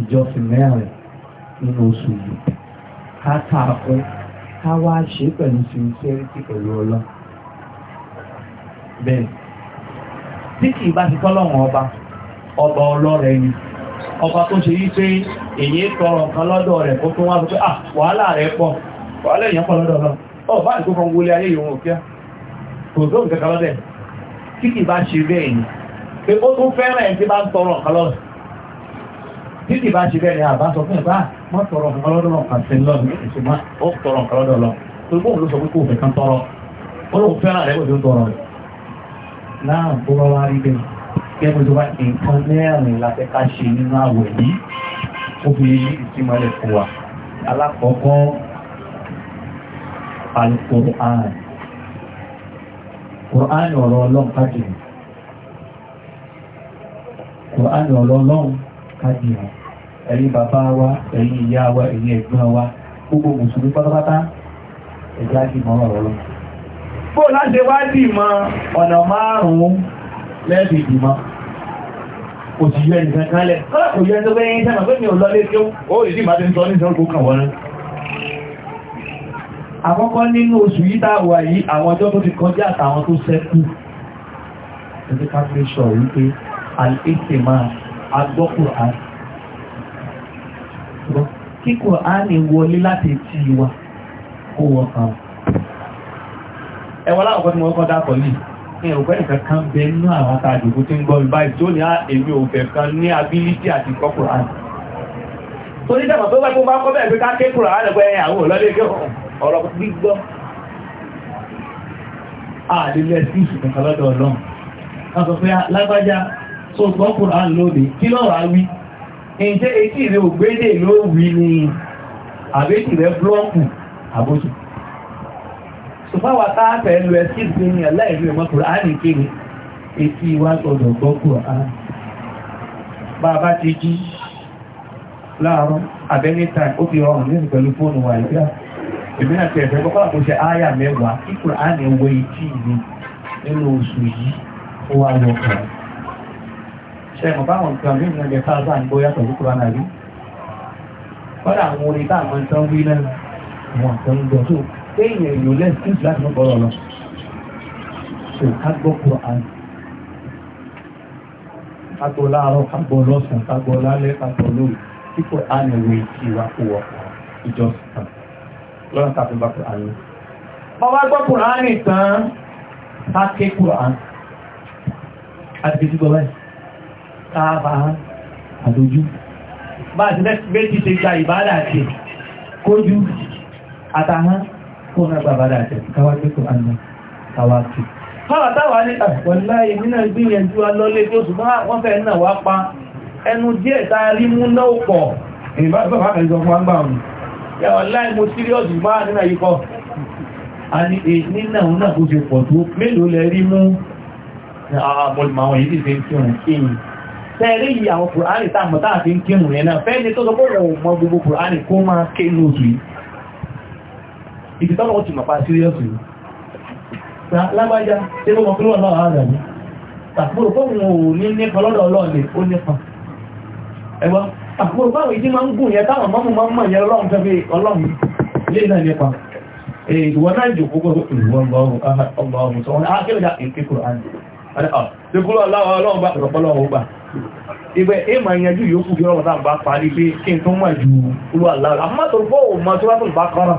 ìjọsìn mẹ́rin nínú oṣù yìí ká tààkọ́ ká wá ṣe pẹ̀lú sincerity pẹ̀lú ọlọ́run bẹ́ẹ̀ tí kì í bá ti tọ́lọ́wọ̀n ọba ọba ọlọ́rẹ̀ ni ọba tó ṣe wípé èyí tọrọ kan lọ́dọ̀ rẹ̀ kó tó wá sọ pé à ah, wàhálà rẹ̀ pọ̀ wàhálà èèyàn pọ̀ lọ́dọ̀ lọ ọba ìkó fún wọlé ayé ìwọ̀n òkè kò tó nǹkan kan lọ́dẹ̀ tí kì í bá ṣe bẹ́ẹ̀ ni pé ó tún fẹ́ràn ẹ̀ tí bá ń tọrọ kan lọ́dọ̀ tí náà tó bá wá rí bẹ́ẹ̀ kẹ́kọ̀ọ́ tó bá nǹkan mẹ́rin la fẹ́ ká ṣe nínú àwẹ̀ yìí ó fi ìsímọ́lẹ̀ fún wa alákọ̀ọ́kọ́ al-Qur'an Qur'an ọ̀rọ̀ ọlọ́run kájìrì Qur'an ọ̀rọ̀ ọlọ́run kájìrì ẹ̀yin bàbá wa ẹ̀yin ìyá wa ẹ̀yin ẹ̀gbọ́n wa gbogbo mùsùlùmí pátápátá ẹ̀já kí mọ́ ọlọ́run bó láti wá dì mọ́ ọ̀nà márùn-ún lẹ́bì ìdìmọ́ kò sì yọ ẹnìkan kálẹ̀ kọ́lá kò yọ ẹjọ́ bẹ́yẹn sẹ́nà pé mi ò lọlé tí ó àkọ́kọ́ nínú oṣù yìí tá yìí àwọn ọjọ́ tó ti kọjá àtàwọn tó ṣẹ́kù ẹgbẹ́ káfíṣọ̀ wípé àìsè máa agbọ́kù àá kíkọ̀ á ní wọlé láti ti wa kó wọ́n kàn ẹwọ́n láàkọ́ tí mo kọ́ dákọ̀ yìí ní ọgbẹ́ ìkankan bẹ nínú àwọn àtàjòkú tí ń gbọ́ ìbá ìtò ní ah, èmi òfẹ́ kan ní ability àti kọ́kùrà tó ní dẹ̀mọ̀ tó wẹ́ kó bá kọ́ bẹ̀ẹ̀ pé ká kékùrà lẹ́gbẹ́ àwọn olólẹ́gbẹ́ ọ̀rọ̀ gbígbọ́ àdílẹ̀ sí ìṣùkọ̀kọ̀ lọ́dọ̀ ọlọ́run wọ́n sọ pé ah, lágbájá tó gbọ́ kùrà lóde kí lọ́rọ̀ á wí ǹjẹ́ etí rẹ̀ ògbédè ló wí ni àbẹ́tì rẹ̀ blọ́ọ̀kù àbójú ṣùgbọ́n wà tá a fẹ́ lu ẹsí ìsinmi aláìlú ìmọ̀ kùránì kéde etí wa gbọdọ̀ gbọ́ kùránì bá a bá ti jí láàárọ̀ abẹ́lé time ó fi rọrùn nínú pẹ̀lú fóònù wa ìgbà èmi náà tẹ̀lé fẹ́ kọ́kọ́ àkóṣe áyà mẹ́wàá kí kùránì wọ etí mi nínú oṣù yìí ó wá lọ kàn ṣe mọ̀ báwọn nǹkan mí nà lè kéèyàn èèyàn lẹ́sìn láti mọ́ bọ́lọ̀ lọ so ká gbọ́ Quran ká gbọ́ láàárọ̀ ká gbọ́ lọ́sàn-án ká gbọ́ lálẹ́ ká gbọ́ lóru tí Quran ìwé ìtì wa kó wọ ìjọsìn kan lọ́nà ká fi bá Quran lọ. ọba gbọ́ Quran tán ká ké Quran àti ìdígbọ́ báyìí ká bá àdójú bá àti méjì ti gba ìbádà àti kójú àtàhán kó náà bàbá rẹ̀ àjẹ́ káwá gbé kó àná káwá kí. Máa táwà ní àpọ̀lá ah, èmi náà gbìyànjú alọ́lé tó ṣùgbọ́n wọ́n fẹ́ náà wá pa a rí mú náà pọ̀. Ìbá bàbá kan jọ fún àgbà mi. Yàwó láì mo sírìọ́sì máa nínà yìí kọ́. A ní èyí náà náà kó ṣe pọ̀ tó mélòó lẹ rí mú àbọ̀lùmọ̀ ah, àwọn yìí ti fi ń kírun tẹ́rí yìí àwọn Kùránì táàmù táà fi ń kírun yẹn náà fẹ́ni tó sọ pé òun mọ gbogbo Kùránì kó máa ké lóòtù yìí ibi tọ́lọ̀ wọ́n ti mọ̀ pa síríọ́sì lágbájá tí ó mọ̀ pé wọ́n lọ́wọ́ ààrẹ ní tàkùrù fóun ò ní nípa lọ́dọ̀ ọlọ́ọ̀lẹ̀ ó nípa ẹgbọ́n tàkùrù fáwọn ìdí máa ń gùn yẹn táwọn mọ́mú máa ń mọ̀ yẹn ọlọ́run fẹ́ fi ọlọ́run lé náà nípa ìwọ náà jò púpọ̀ ìwọ̀n ọlọ́run sọ wọn á ah, kí lójà ìkékùrù àná ah, ṣe kúrò láwọn ọlọ́run bá rọ̀pọ̀lọ́run gbà ibẹ̀ èèmà ìyànjú yòókù bí ọlọ́run bá parí pé kí n tó mọ̀ ju olúwa láwọn àmọ́ tó fọ́ òun mọ́ tó bá tó bá kọ́rọ̀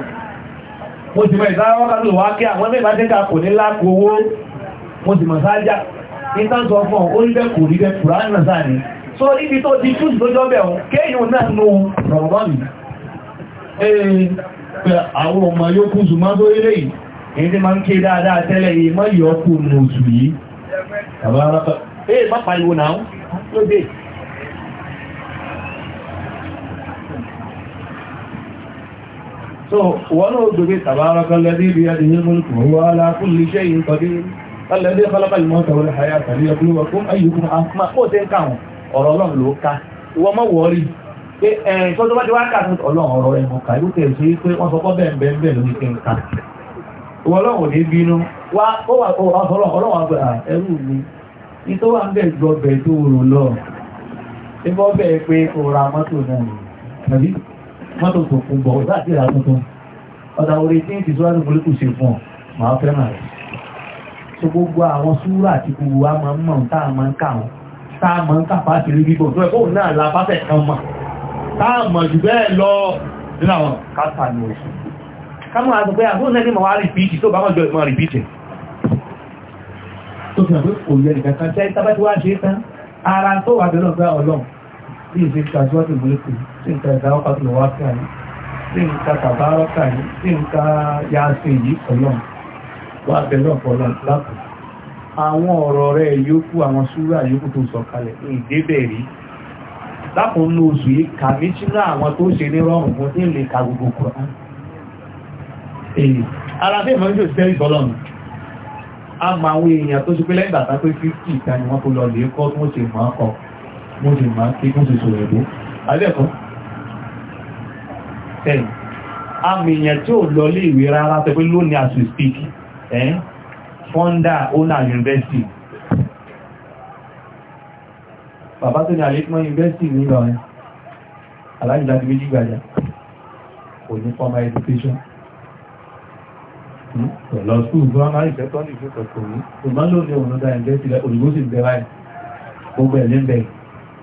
mo ti mọ̀ ìdáwọ́kàtò wá kí àwọn mẹ́bàá tẹ́ka kò ní láàkù owó mo ti mọ̀ sáájá ní táǹtọ̀ fún ọ orílẹ̀ kò rí bẹ́ kùránì sáà ní so ibi tó ti fún ìtọ́jọ́ bẹ̀ wọn kéèyàn náà nù rọ̀rọ̀mì àwọn ọmọ yóò kú zùmọ́ tó ilé yìí èyí tí máa ń ké dáadáa tẹ́lẹ̀ yìí mọ́ yọ̀ọ́kù nù zù so wọ́n ó gbogbo tabaraka alladhi biyadihi al-mulku wa huwa ala kulli shay'in qadir alladhi khalaqa al-mawta wal-hayata liyabluwakum ayyukum ahsanu ó tẹ́ káwọn ọ̀rọ̀ ọlọ́run ló ká ìwọ́n mọ́ wọ́ọ́rí pé ẹ̀rìn tó tó bá ti wá kàtún ọlọ́run ọ̀rọ̀ ẹ̀mọ̀ ká ló kẹ̀ sí pé wọ́n sọ pọ́ bẹ́ẹ̀ bẹ́ẹ̀ bẹ́ẹ̀ lórí kí n ká ìwọ ọlọ́run ní bínú wá ó wà ó wà fọlọ́ ọlọ́run àgbà ẹrú mi ní tó wà ń mọ́tò tó fún bọ̀ ọ̀dá àti ìrà tuntun ọ̀dà orí tí ń fi sọ́wọ́n ní kòlíkù ṣe fún ọ màá fẹ́ràn rẹ̀ so gbogbo àwọn súrà àti gbogbo wa máa ń mọ̀ tá a máa ń kà wọn tá a máa ń kà fáṣí rí bíbọ̀ tó ẹ̀ fóun náà la fáfẹ̀ kan mọ̀ tá a mọ̀ jù bẹ́ẹ̀ lọ nínú àwọn kásà ní oṣù ká àti pé àbúrò náà ní màá rìpíìtì tó bá mọ̀ jọ ìmọ̀ rìpíìtì tó fi hàn pé òye nìkan kan tẹ́ tábàtí wá ṣe tán ara tó wà bẹ́ẹ̀ náà bí ìṣe ṣàjọ́dì mọ́lẹ́kùn tí ń ka ìdáwọ́ pàtó lọ́wọ́ kí àní tí ń ka tàbárọ́ kí àní tí ń ka yáàsìn yìí ọlọ́run wà bẹ̀rẹ̀ ọ̀pọ̀lọ́ lápò àwọn ọ̀rọ̀ rẹ̀ yókù àwọn súrà yókù tó sọ kalẹ̀ ìdébẹ̀ rí lápò nínú oṣù yìí kà mí sínú àwọn tó ṣe ní rọrùn fún tí ń lè ka gbogbo kùrán èyí àwọn èèyàn tó ṣe pé lẹ́yìn pé fífì ìta ni wọ́n kó lọ lè kọ́ tó ṣe mọ́ ọkọ̀ mo sì máa kí mo sì sọ̀rọ̀ ẹ̀bọ́ alẹ́kọ́ ẹ̀yìn àmìyàn tí ó lọ lé ìwé rárá tẹ́ pé lónìí as we speak ẹ̀yìn founder owner university bàbá tó ní àlékún university ní Ìlọrin alájìlá ti méjì gbàjá kò ní formal education hmm, lọ skúl primary secondary fún kọ̀kọ̀ ní ìmọ́lò ní òun ló dá ẹgbẹ́ sílẹ̀ òyìnbó sì bẹ̀rẹ̀ gbogbo ẹ̀lẹ́bẹ̀ẹ́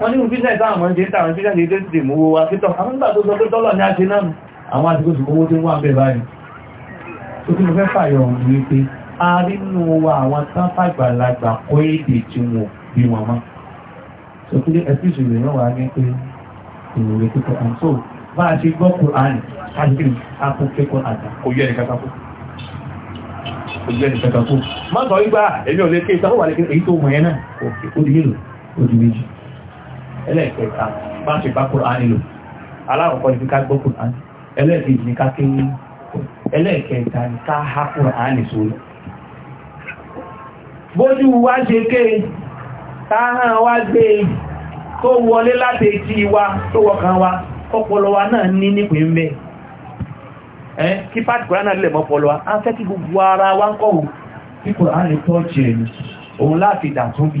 wọ́n ní business àwọn ọmọdé ń tàwọn business ti mú owó wa títọ́ àwọn ìgbà tó sọ pé tọ́lọ̀ ní àti náà àwọn àti gbogbo owó tí wọ́n wà bẹ̀ báyìí tó kí mo fẹ́ fàyọ̀ ọ̀hún a rí nù wa àwọn sáfàgbàlagbà kó èdè tí wọn bí wọn mọ́ so kí ẹ̀sìn ìṣòro náà má sọ wípé ah, èmi ò lè wà lè èyí tó mọ̀ yẹn náà ó di mélòó ó di méjì ẹlẹ́ẹ̀kẹta bá ṣe bá Kùránì lò aláwọ̀kọ́ ibi ká gbọ́ Kùránì ẹlẹ́ẹ̀kejì ní ká kéwú ẹlẹ́ẹ̀kẹta ní ká há Kùránì sórí bójú wá ṣe ké táhàn wá gbé tó wọlé láti etí wa tó wọkàn wa ọpọlọ wa náà ní nípìn mẹ́ ẹ́ kí pàtí Kùránì lè mọ́ ọpọlọ wa á fẹ́ kí gbogbo ara wa ń kọ̀wò kí Kùránì tọ́ọ̀ṣì ẹ̀ òun láti dà tó bí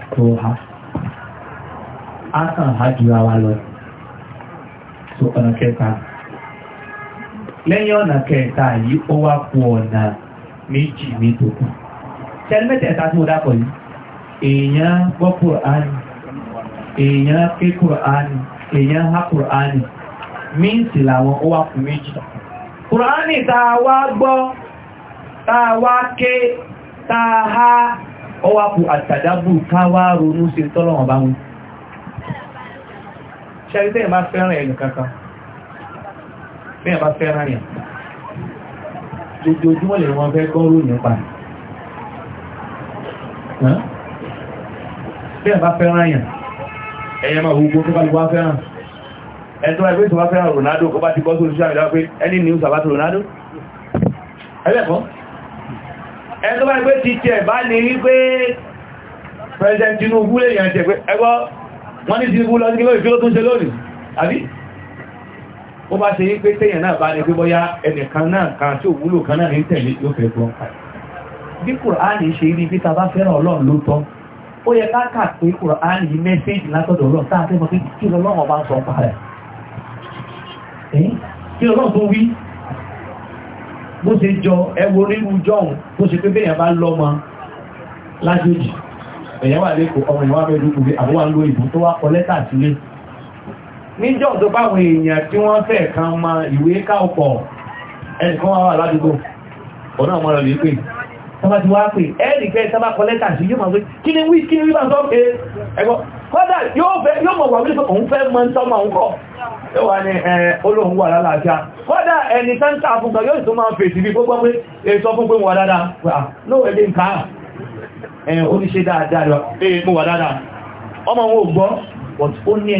kó ha á ha lọ so ọ̀nà kẹta lẹ́yìn ọ̀nà kẹta yìí ó wá kú ọ̀nà méjì ní tòkù tẹ́lẹ̀mẹ́tẹ̀ẹ̀ta tí yìí èèyàn gbọ́ kùránì èèyàn ké kùránì èèyàn làwọn ó wá kú méjì gbọ́ wá ọ wá kú àtàdábù káwá ronú sí tọ́lọ́wọ̀n bá wọn ṣẹ́rí tẹ́yìn bá fẹ́ràn ẹ̀yìn kankan tẹ́yìn bá fẹ́ràn yẹn ojoojúmọ́ lè wọ́n fẹ́ gọ́rù nípa tẹ́yìn bá fẹ́ràn yẹn ẹ̀yẹ máa gbogbo tó bá lè wá fẹ́ràn ẹ̀tọ́ ẹgbẹ́ tó bá fẹ́ràn Ronaldo kó bá ti bọ́ sórí sí àmì ẹni tó bá ní pé ti tẹ̀ bá lè rí pé president Tinubu lè yàn tẹ̀ pé ẹgbọ́ wọ́n ní Tinubu lọ sí lórí tó ń ṣe lónìí àbí ó bá ṣe pé tẹ́yàn náà bá ní pé bọ́yá ẹnìkan náà kan tí ò wúlò kan náà ní tẹ̀lé yóò fẹ́ gbọ́n bí Kùránì ṣe rí bí ta bá fẹ́ràn Ọlọ́run ló tọ́ ó yẹ ká kà pé Kùránì yìí mẹ́sẹ́jì látọ̀dọ̀ Ọlọ́run tá fẹ́ mọ̀ pé kí Ọlọ́run bá sọ pa kí Ọlọ́run tó wí bó ṣe jọ ẹwọ rírú jọun bó ṣe pé bẹ́yàn bá lọ́mọ lájòjì èyàn wà lẹ́kọ̀ọ́ ọmọ ìwà mẹ́rin ìlú àbúwà ló ìbú tó wá kọ lẹ́tà sílé níjọ́ tó báwọn èèyàn tí wọ́n fẹ́ kan ma ìwé káọ̀pọ̀ ẹnìkan wà wà ládùúgbò ọ̀nà ọmọ rẹ̀ lépè tọ́bá ti wá pè ẹ́ẹ̀dì fẹ́ tọ́bá kọ lẹ́tà sí yóò máa wé kí ni wí kí ni wí bá sọ́ pé ẹgbọ́ kọ́dà yóò mọ̀ wà wípé òun fẹ́ yóò wà ní ẹ̀ olóhun wà lálàájá kọ́dá ẹni tẹ́ntà fún kan yóò tó máa fèsì bí gbogbo pé èso fún pé wà dáadáa ló ẹ̀lẹ́ ń káà ẹ̀ oníṣẹ́ dáadáa ọmọ wọn ò gbọ́ onye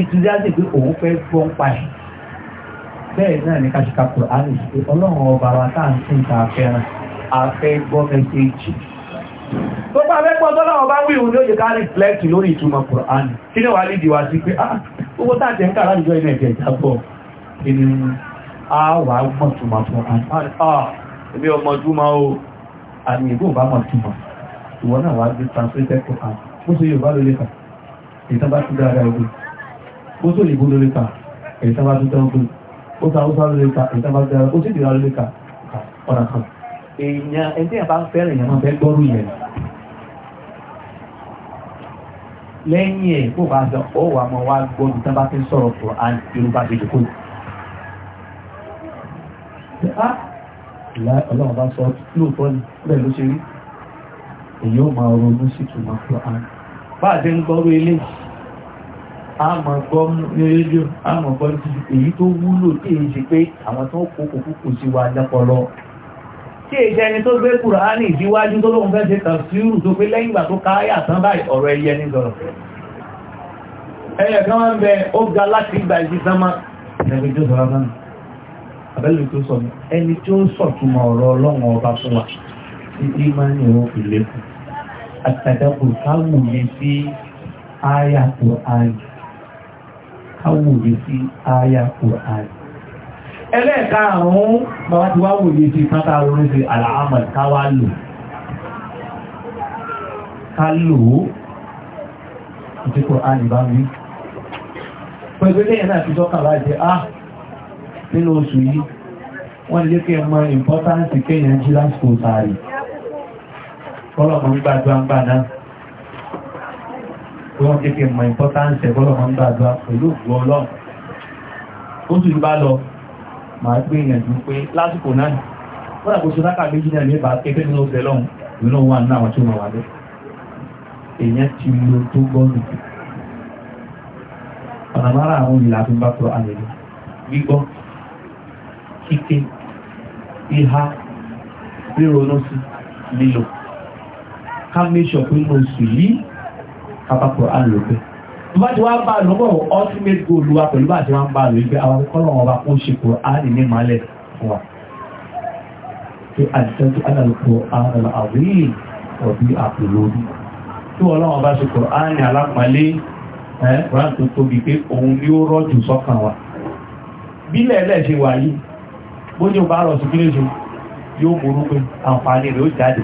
tó bá fẹ́ pọ́tọ́ láwọn bá wí òun ló yẹ ká reflect lórí ìtumọ̀ Quran kí ní wà nídìí wá sí pé ah owó tàbí ẹ̀ńkà láàrínjọ́ ilẹ̀ ẹ̀jẹ̀ ìjábọ̀ kí ni a wà mọ̀túnmọ̀ Quran ah èmi ọmọdúnmọ̀ o àmì ìgbò bá mọ̀túnmọ̀ ìwọ náà wá gbé translated Quran bó so Yorùbá ló lè kà ìtàn bá tún dáadáa ogun bó so ìbò ló lè kà ìtàn bá tún dáadáa ogun ó sa ó sá ló lè kà ìtàn bá tún dáadáa ó sì dìrà ló lè kà èèyàn ẹgbẹ́ yẹn bá ń fẹ́ràn èèyàn máa fẹ́ gbọ́rù yẹn lẹ́yìn ẹ̀ kó bá sọ ó wà mọ́ wá gbọ́dù tán bá ti sọ̀rọ̀ fún àn yorùbá ṣe jòkó ah, ọlọ́run bá sọ lóòótọ́ ni bẹ́ẹ̀ ló ṣe rí èyí ó máa ronú sí ìtumọ̀ fún àn bá a ti ń gbọ́rù eléyìí àmọ̀ gbọ́ ní rédíò àmọ̀ gbọ́ èyí tó wúlò tí èyí ṣe pé àwọn tó kókò kúkú sí wa lẹ́pọ̀lọ́ tí èṣẹ́ ẹni tó gbé kùránì ìdíwájú tó lóun fẹ́ ṣe tàfsírù tó pé lẹ́yìn ìgbà tó káyà tán báyìí ọ̀rọ̀ ẹyẹ ní sọ̀rọ̀ ẹyẹ kan wọ́n bẹ ó ga láti ìgbà ìdí sánmà ẹni tó sọ̀rọ̀ náà abẹ́lẹ̀ tó sọ ẹni tó sọ̀túnmọ̀ ọ̀rọ̀ ọlọ́run ọba fún wa ẹlẹ́ẹ̀ka àrùn bàbá ti wá wòye sí pátá orí sí àlàámọ̀ káwá lò ká lò ó ìtí kò á nìbá mi pẹ̀lú lẹ́yìn náà fi tọ́ka láì jẹ́ ah nínú oṣù yìí wọ́n lé kí ẹmọ ìmpọ́tánsì kéèyàn jí lásìkò tààrí bọ́lọ̀mọ̀ ń gbàdúrà ń gbàdá wọ́n lé kí ẹmọ ìmpọ́tánsì bọ́lọ̀mọ̀ ń gbàdúrà pẹ̀lú ògbó ọlọ́run ó sì bá lọ máa gbé ìyànjú pé lásìkò náà wọ́n àkóso láka méjì náà ní ìbá ẹgbẹ́ ní ọ̀sẹ̀ lọ́hùn ìlú wà ní àwọn tí ó máa wà lẹ́ èèyàn ti lo tó gbọ́nù mara àwọn ìlà tó bá tọ́ gbígbọ́ kíké ìhá ríronú sí ká méṣọ̀ pé mo sì yí kápákọ̀ bá ti wá bá lọ́wọ́ ultimate goal wa pẹ̀lú bá ti wá ń bá lọ ìgbé àwọn kọ́lọ̀ wọn bá kó ṣe kò á ní ní malẹ̀ fún wa tí a ti tẹ́jú alàlùkò àwọn àwíyìn ọ̀bí àpòlórí tí ọlọ́wọ́n bá ṣe kò á ní alápàálé ẹ̀rọ tó tóbi pé òun ni ó rọ́jù sọ́kàn wa bílẹ̀ ẹlẹ́ ṣe wà yìí bójú bá rọ̀ sí kílẹ̀ ṣe yóò mú orúkọ àǹfààní rẹ̀ ó jáde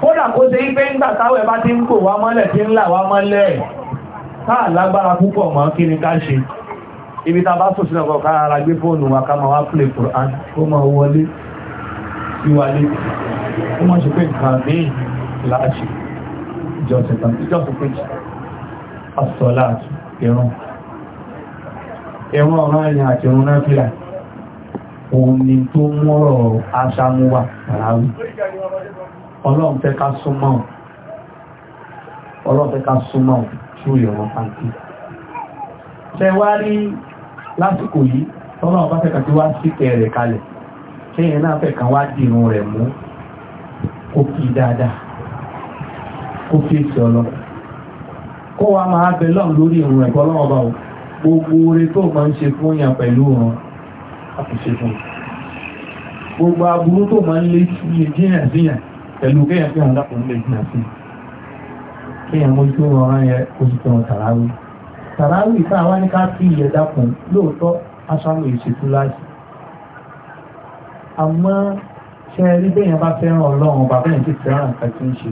kódà kó ṣe ń pé ńgbà táwẹ̀ bá ti ń pò wá mọ́lẹ̀ tí ń là wá mọ́lẹ̀ táà lágbára púpọ̀ mọ́ kí ni ká ṣe ibi tá a bá sùn sílẹ̀ kọ̀ ká ara gbé fóònù wa ká máa wá pè Quran ó máa wọlé ẹ̀wọ̀n ọ̀rọ̀ ẹ̀yìn àti ẹ̀wọ̀n náà fìlà òun ni tó mọ́rọ̀ aṣámúwà pàláwì ọlọ́run fẹ́ ká súnmọ́ ọ̀ ọlọ́run fẹ́ ká súnmọ́ ọ̀ tí ó yọ̀ wọ́n pàǹtí ṣe wá rí lásìkò yìí ọlọ́run bá fẹ́ kàtí wá síkẹ̀ rẹ̀ kalẹ̀ ṣe yẹn náà fẹ́ kan wá dìrún rẹ̀ mú kó kí dáadáa kó fi èsì ọlọ́run kó wa máa bẹ lọ́run lórí ìrùn ẹ̀kọ́ ọlọ́run bá o gbogbo oore tó máa ń ṣe fún yàn pẹ̀lú wọn a kò ṣe fún gbogbo aburú tó máa ń lé sí ìdíyàn síyàn pẹ̀lú kéèyàn tí wọ́n dákùn lè jìnà sí kéèyàn mú tí wọ́n rán yẹ oṣù tó wọn tàràwì tàràwì tá a wá ní ká fi ìyẹ dákùn lóòótọ́ aṣáájú ìṣètò láti àmọ́ ṣe rí bẹ́yẹn bá fẹ́ràn ọlọ́run bàbá yẹn ti fẹ́ràn nǹkan tí ń ṣe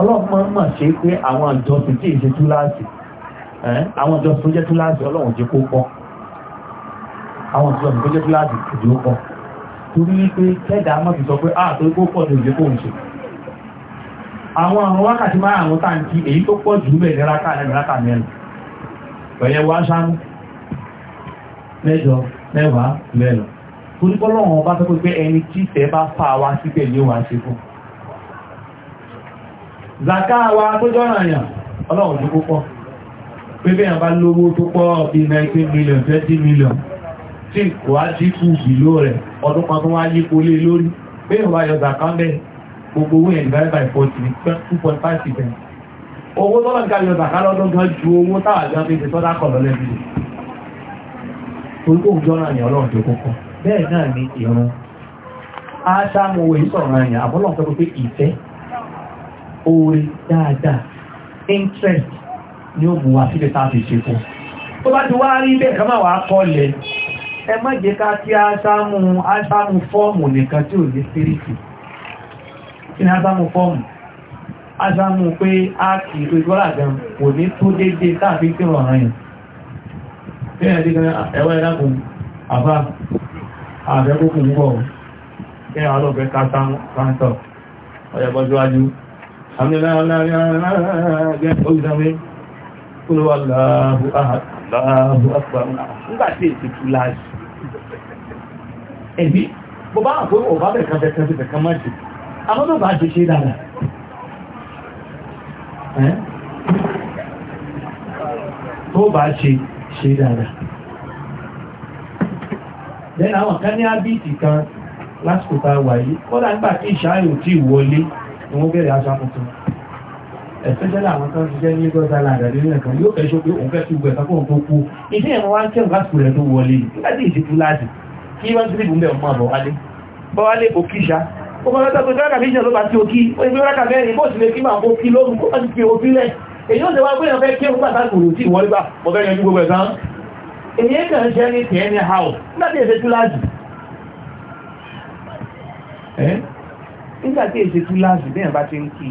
ọlọ́run máa ń mọ̀ ṣe pé àwọn àjọsìn tí ìṣètò láti àwọn àjọsìn tó jẹ́ tó láti ọlọ́run jẹ́ kó pọ̀ àwọn àjọsìn tó jẹ́ tó láti kò torí pé kẹ́dàá mọ́ ti sọ pé ah torí kó pọ̀ tó ìjẹ́ kó ń ṣe àwọn àwọn wákàtí máa àwọn tá ń kí èyí tó pọ̀ jù bẹ̀ níraka níraka mẹ́rin pẹ̀lẹ́ wá sáánú mẹ́jọ mẹ́wàá mẹ́lọ torí pé Ọlọ́run bá sọ pé ẹni tí tẹ́ bá fà wá síbẹ̀ ní wàá ṣe fún zaka wa tó jọ́ràn yàn Ọlọ́run tó pọ̀ pé bẹ́ẹ̀ bá lówó tó pọ̀ bí 19 million 20 million tí kò á dínkù bìló rẹ̀ ọdún kan tó wá yípo lé lórí pé ìwà yọ̀dà kan bẹ́ẹ̀ gbogbo owó yẹn divided by forty ní two point five percent owó tọ́lá ń kárí ọ̀dà kálọ́dún gan ju owó táwà gan fi ṣe sọ́dá kọ̀ lọ́lẹ́ bí i orúkọ òjò náà ni ọlọ́run tó kọ́kọ́ bẹ́ẹ̀ náà ni ìrún ádámù owó ìsọ̀rọ̀ àyàn àbọ́lọ́n fẹ́ pé ìfẹ́ oore dáadáa interest ni ó mú wa sílẹ̀ tá a fi ṣe fún tó bá ti wá rí bẹ́ẹ̀ ká má wàá kọ́ lẹ̀ ẹ má jẹ́ ká kí ásámù ásámù fọ́ọ̀mù nìkan tí ò lè spiriti kí ni ásámù fọ́ọ̀mù ásámù pé á kì í tó láàgbà kò ní tó déédé káàfin tí wọ́n rán yìí Àmìlá ọlá rí ara rẹ̀ ó ìdáwé, kúrò wà láàrú àhàtà nígbàtí èsì túláàjì ẹ̀bí bó bá àpò ọ̀bá bẹ̀rẹ̀ kan bẹ̀rẹ̀ kan bẹ̀rẹ̀ kan máa jù àwọn tó bá jù ṣe dára tó bá ṣe ṣe dára lẹ́nà àwọn kan tá a wà yìí kọ́dà nígbà tí ìṣáyò tí wọlé ni wọ́n bẹ̀rẹ̀ ẹ̀sẹ̀jẹ́lá àwọn tó ń ṣiṣẹ́ ní gọ́ta láàrín ilẹ̀ kan yóò fẹ́ ṣó pé òun fẹ́ fi gbẹ̀ sápò òun tó kú ilé ẹ̀rọ wá ń kẹ́rù lásìkò rẹ̀ tó wọlé nígbà tí ìdí fúláàdì kí wọ́n ti níbùú mẹ́ọ̀mọ́ àbọ̀ wálé bọ́wálé kò kí ṣá ó mọ́ lọ́tọ́ pé rákà méjì ló bá ti òkí ó ní rákà mẹ́rin bó ti lè kí máa kó kí lóru kó ti fi òbí lẹ̀ èyí ó ti wá pé ọ̀fẹ́ kí òun pàtàkì òrò tí ìwọlé bá mo fẹ́ yanjú gbogbo ẹ̀sán èyí kàn jẹ́ ní tiẹ̀ ní hao nígbà tí èsè túláàsì nígbà tí èsè túláàsì bẹ́ẹ̀ bá ti ń kí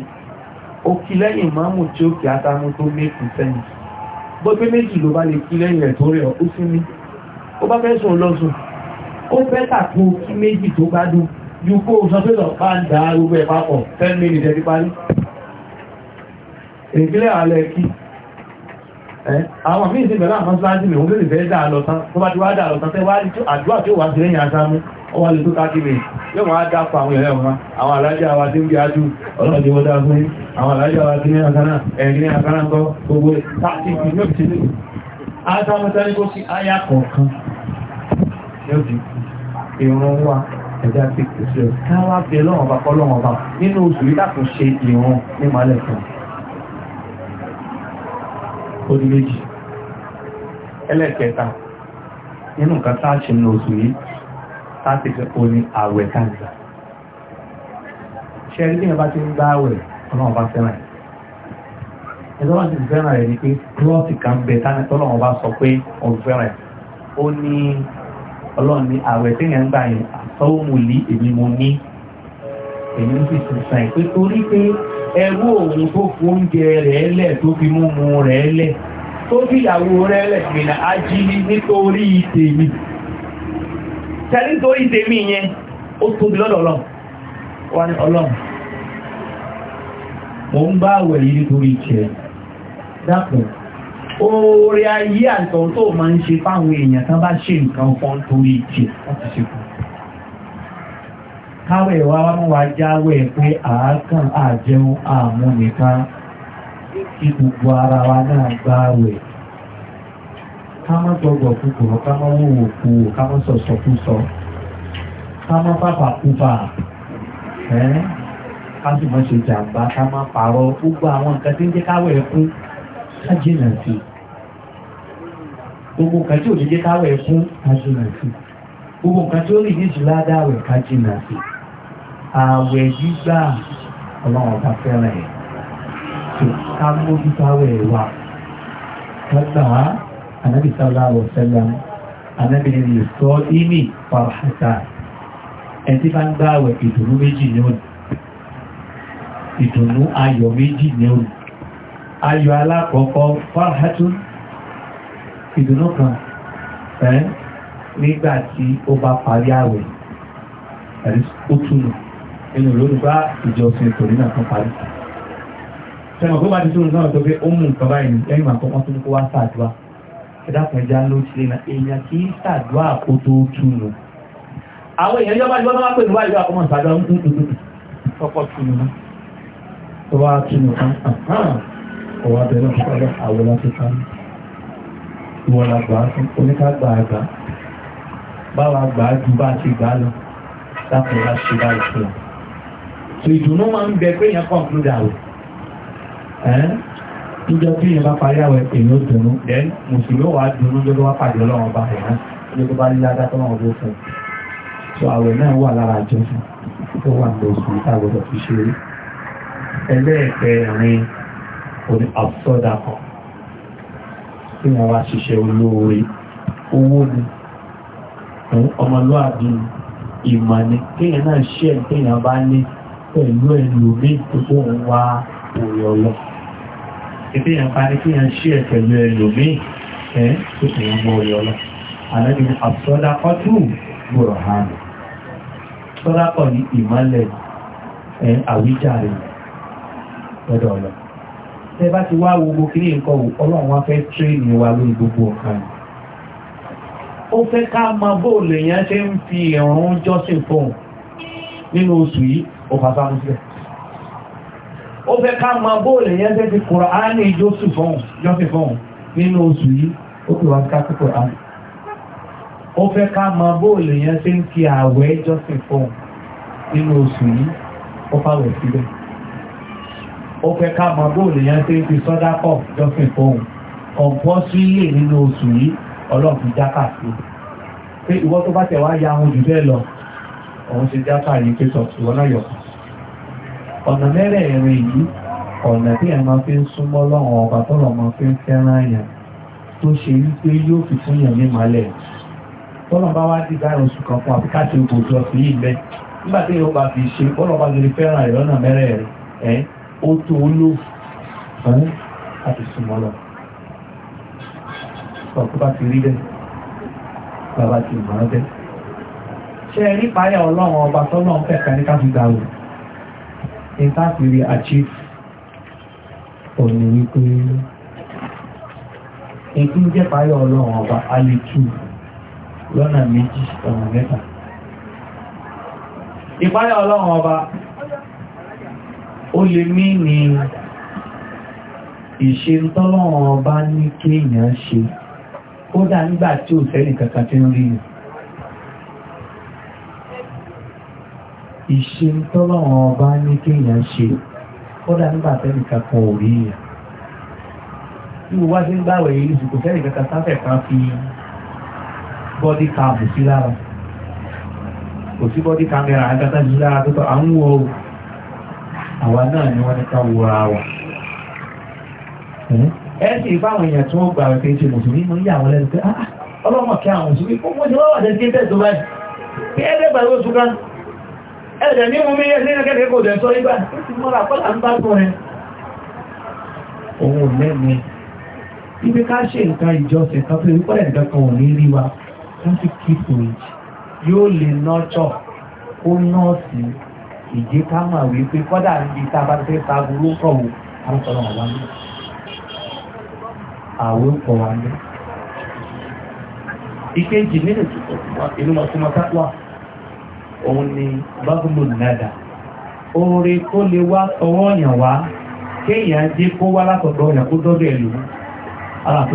ó kí lẹ́yìn ìmáàmù tí ó kí átámú tó méjì sẹ́yìn bó pé méjì ló bá lè kí lẹ́yìn rẹ̀ tó rẹ̀ ó sí ní ó bá fẹ́ sùn lọ́sùn ó fẹ́ tàkó kí méjì tó bá dùn ju kó sọ pé lọ bá ń dá ten minutes ẹni parí ìpínlẹ̀ alẹ́ kí àwọn míì sí bẹ̀rẹ̀ àwọn sáájú mi òun lè fẹ́ dà lọ tán tó bá ti wá dà lọ tán tẹ́ wá àdúrà tí ọwà lè tó káàkiri yóò máa dápa àwọn ẹ̀rẹ́ wọn àwọn alájá wa tí ń bí ájú ọlọ́dí wọ́n dá fún àwọn alájá wa tí ní àkánà ẹ̀rin àkánà kọ́ gbogbo tàbí mẹ́bìtì ní àtàmọ́ta ní kó sí áyà kọ̀ọ̀kan lẹ́bìtì ìrún wa ẹ̀dá ti kìsẹ̀ káwà bẹ lọ́wọ́n bá kọ́lọ́wọ́n bá nínú oṣù yìí dàpọ̀ ṣe ìrún ní malẹ̀ kan ó ẹlẹ́kẹta nínú nǹkan tá nínú oṣù yìí láti fi kó ní àwẹ̀ káàkiri ṣe ẹni bá ti ń gbá àwẹ̀ ọlọ́run bá fẹ́ràn ẹ̀ ẹjọ́ bá ti fẹ́ràn ẹ̀ ni pé plọ́ọ̀tì kan bẹ tọ́lọ́run bá sọ pé òun fẹ́ràn ẹ̀ ó ní ọlọ́run ní àwẹ̀ téèyàn ń gbà yẹn àtọ́wòmùlí èmi mo ní èmi ń fi sùn sàn ẹ̀ pé torí pé ẹrú òun tó fún oúnjẹ rẹ̀ lẹ̀ tó fi mú rẹ̀ lẹ̀ tó fi ìyàwó rẹ̀ lẹ̀ gbìnà ajínigbé nítorí tèmi tẹ̀lé torí tèmi yẹn ó tóbi lọ́dọ̀ ọlọ́run wà ní ọlọ́run mo ń bá àwẹ̀ yìí nítorí ìṣẹ́ dákùn oore ayé àtọ̀ tó máa ń ṣe fáwọn èèyàn tán bá ṣe nǹkan fún torí ìṣẹ́ láti ṣe fún káwẹ̀ wá wọ́n wá jáwẹ̀ pé àákàn àjẹun àmú kí gbogbo ara wa náà gbáwẹ̀ ká má gbọgbọ kúkúrọ ká má wòwò kú ká má sọsọ kú sọ ká má kú bà ẹ ká sì ṣe jàǹbá ká má gbogbo àwọn nǹkan tí ń jẹ káwé ẹkú ká jìnà sí gbogbo nǹkan tí ò ní jẹ káwé ẹkú ká jìnà sí gbogbo nǹkan tí ó lè ní ìṣúlá dáwẹ̀ ká sí ààwẹ̀ gbígbà ọlọ́run ọba fẹ́ràn ẹ̀ tó ká mójútó àwẹ̀ wa ká gbà anábì sallallahu alaihi wasallam anábì ní lè sọ ìmì farahata ẹni tí bá ń gbá àwẹ̀ ìdùnnú méjì ní òní ìdùnnú ayọ̀ méjì ní òní ayọ̀ alákọ̀ọ́kọ́ farahatu ìdùnnú kan ẹ́ nígbà tí ó bá parí àwẹ̀ ẹ̀rí ó túnú inú lórí bá ah, ìjọsìn ìtòrí náà kan parí sẹ́wọ̀n tó bá ti túnú náà tó pé ó mú nǹkan báyìí ẹ̀yìn màkọ́kọ́ tó ń kó wá sáàdúrà ẹ̀dàkùn ẹja ló ti lè na èèyàn kì í ṣàdúrà kó tó túnú àwọn èèyàn yọba ìjọba wá pẹ̀lú wáyé àkọ́mọ̀ ìsàdọ̀ ń kọ́kọ́ túnú náà tó wá túnú náà ọwọ́ abẹ́rẹ́ ọ̀pọ̀lọpọ̀ àwòrán ti ká ìwọ̀n àgbà oníkàgbà àgbà báwa so ìdùnnú máa ń bẹ pé èèyàn níjọ́ tí ìyẹn bá parí àwẹ̀ èèyàn dùnú then mùsùlùmí wà dùnú jọ́ tó wá pàdé ọlọ́run ọba ẹ̀yán ní tó bá ní ládá tó náà fún so àwẹ̀ náà wà lára àjọsìn tó wà ní oṣù ìtàgbọ́dọ̀ fi ṣe rí ẹlẹ́ẹ̀kẹrin oní àbúsọ́dà kan tí wọ́n wá ṣiṣẹ́ olóore owó ni ọmọlúwàbí ìmọ̀ ni kéèyàn náà ṣe ẹ̀ kéèyàn bá ní pẹ̀lú ẹ̀lòmíì tó tó ìdí yẹn parí kí yẹn ṣí ẹ̀ pẹ̀lú ẹlòmíì ẹ̀ tó sì ń gbọ́ ọyọ lọ àlẹ́bí àsọdá ọdún gbòòrò hàn sọ́dá pọ̀ ní ìmọ́lẹ̀ ẹ̀ àwíjàre lọ́dọ̀ ọlọ tẹ bá ti wá gbogbo kí ní nǹkan wò ọlọ́run wá fẹ́ tírèèni wa lórí gbogbo ọ̀kan ó fẹ́ ká mọ bóòlù èèyàn ṣe ń fi ẹ̀rùn jọ́sìn fóun nínú oṣù yìí ó fà mú sílẹ̀ ó fẹ́ ká máa bóòlù yẹn tẹ́ ti Kùránì jọ́sì fọ́n jọ́sì fọ́n nínú oṣù yìí ó pè wá ká sí Kùránì ó fẹ́ ká máa bóòlù yẹn tẹ́ ń fi àwẹ̀ jọ́sì fọ́n nínú oṣù yìí ó fàwẹ̀ síbẹ̀ ó fẹ́ ká máa bóòlù yẹn tẹ́ ń fi sọ́dá pọ̀ jọ́sì fọ́n ọ̀pọ̀ sí ilé nínú oṣù yìí ọlọ́run jákà sí pé ìwọ tó bá tẹ̀ wá ya ohun jù bẹ́ẹ̀ lọ òun ti jákà yìí pé sọ̀tù ọlọ́yọ̀kọ̀ ọ̀nà mẹ́rẹ̀ẹ̀rin yìí ọ̀nà tí a máa fi ń súnmọ́ lọ́wọ́ ọba tọ́lọ̀ máa fi ń fẹ́ràn àyàn tó ṣe wípé yóò fi fún yàn ní malẹ̀ tọ́lọ̀ bá wá dìgbà oṣù kan fún àbíká tí o kò jọ sí yìí bẹ́ẹ̀ nígbà tí yóò bá fi ṣe bọ́lọ̀ bá gidi fẹ́ràn rẹ̀ lọ́nà mẹ́rẹ̀ẹ̀rin ẹ̀ ó tó lò fún àti súnmọ́ lọ. ṣe rí payà ọlọ́run ọba tọ́lọ́ ń fẹ̀ ìtàkìrí achieve ọ̀nà wípé ètí ń jẹ́ páyọ̀ ọlọ́run ọba alìtù lọ́nà méjì ọ̀nà mẹ́ta ìpáyọ̀ ọlọ́run ọba ó lè mí ní ìṣe ọba ní ṣe kódà nígbà tí ò sẹ́nì kankan tí ń rí ìṣe tọ́lọ́wọ́n ọba ní kéèyàn ṣe kódà nígbà tẹ́nìkan kan ò rí yàn ìwò wá sí ń gbàwẹ̀ yìí lùsù kò sẹ́nì kankan sáfẹ̀ kan fi bọ́dí káàbù sí lára kò sí bọ́dí kámẹ́rà agbátá sí lára tó tọ́ à ń wọ àwa náà ni wọ́n ní ká wo ara wa ẹ sì fáwọn èèyàn tí wọ́n gbàwẹ̀ pé ṣe mùsùlùmí mo ń yà wọ́n lẹ́nu pé ah, ọlọ́mọ kí àwọn mùsùlùmí kó wọ́n ti wá wà ẹ̀dẹ̀ ní omi yẹ́ sínú kẹ́kẹ́ kò dẹ̀ sọ ibá mọ́ra pọ́lá ń bá tún ẹ ohun lẹ́ni ibi ká ṣe nǹkan ìjọsẹ̀ kan tó wípọ́ ẹ̀dẹ̀ kan ò ní rí wa wọ́n sì kí fòyí yóò lè nọ́jọ́ ó nọ́ọ̀sì ìdí ká mà wípé kọ́dà níbi tá a bá fẹ́ ta burú kọ̀ wò á ń sọ̀rọ̀ wà ní àwẹ̀ ń kọ̀ wà ní ìkejì nínú ìlú òun ni bábùlù nàdà oore tó lè wá tọwọ́ yàn wá kéèyàn dé kó wá látọ̀dọ̀ yàn kó dọ́dọ̀ ara tó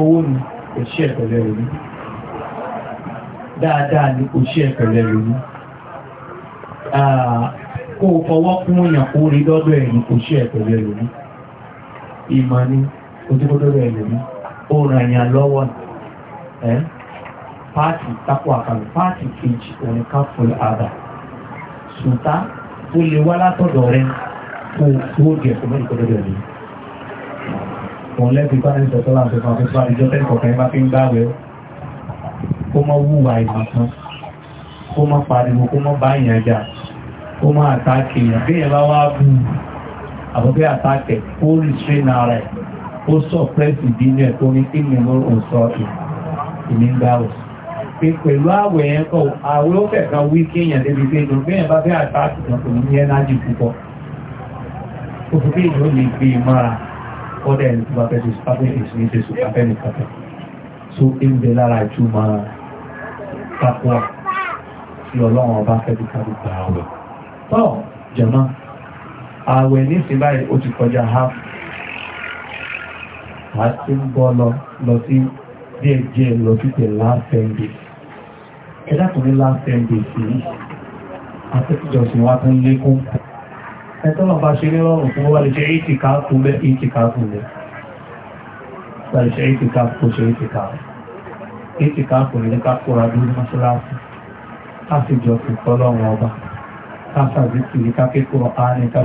owó ni kò sí ẹ̀pẹ̀lẹ̀ òní dáadáa ni kò sí ẹ̀pẹ̀lẹ̀ òní kó o fọwọ́ kún yàn kó rí dọ́dọ̀ ẹ̀ kò sí ẹ̀pẹ̀lẹ̀ òní ìmọ̀ ni ojú dọ́dọ̀ Pati tako àkàlù páàtì kejì òun ká fòlù àdá sùtá ó lè wá látọ̀dọ̀ rẹ kó tó jẹ kó mẹ́rin kọ́dọ̀ rẹ. òun lẹ́bi bá ń sọ̀tọ́ láti fún akókò àdìjọ́ tẹ́ kọ̀ọ̀kan bá fi ń gbáwẹ̀ kó má wúwa ìmọ̀ kan kó má pariwo kó má bá èèyàn jà kó má àtàkì èèyàn bí èèyàn bá wá bú àbọ̀bí àtàkì ó rí sí náà rẹ̀ ó sọ pẹ́sì bí ní ẹ̀kọ́ ní kí ni mo ò sọ ìmí ń gbáwẹ̀ pé pẹ̀lú àwẹ̀ yẹn kọ́ àwẹ̀ ó fẹ̀ kan wí kéèyàn débi pé ìlú bẹ́ẹ̀ bá fẹ́ àgbà àtìkàn tó ní ẹnájì púpọ̀ ó fi pé ìlú lè gbé e mọ́ra ọdẹ ẹni tó bá fẹ́ ṣe sùpàfẹ́ ìṣẹ́ ṣe sùpàfẹ́ nìkàfẹ́ tó ń bẹ lára jù máa tapọ̀ tí ọlọ́run ọba fẹ́ bí kábí gba àwẹ̀ tọ́ jẹ̀mọ́ àwẹ̀ nísìn báyìí ó ti kọjá half a ti ń bọ́ lọ lọ sí díẹ̀díẹ̀ ẹ̀dàkùnrin last ten days yìí àtẹ́kùjọ sí wá tán lékún ẹ̀tọ́nà bá ṣe ní rọrùn fún wà lè ṣe eighty ká kú bẹ́ eighty ká kú bẹ́ wà lè ṣe eighty ká kú ṣe eighty ká eighty ká kú nílé ká kóra bí mọ́ṣáláṣí ká sì jọ sí tọ́lọ́run ọba ká sàbítì ká kékòrò áni ká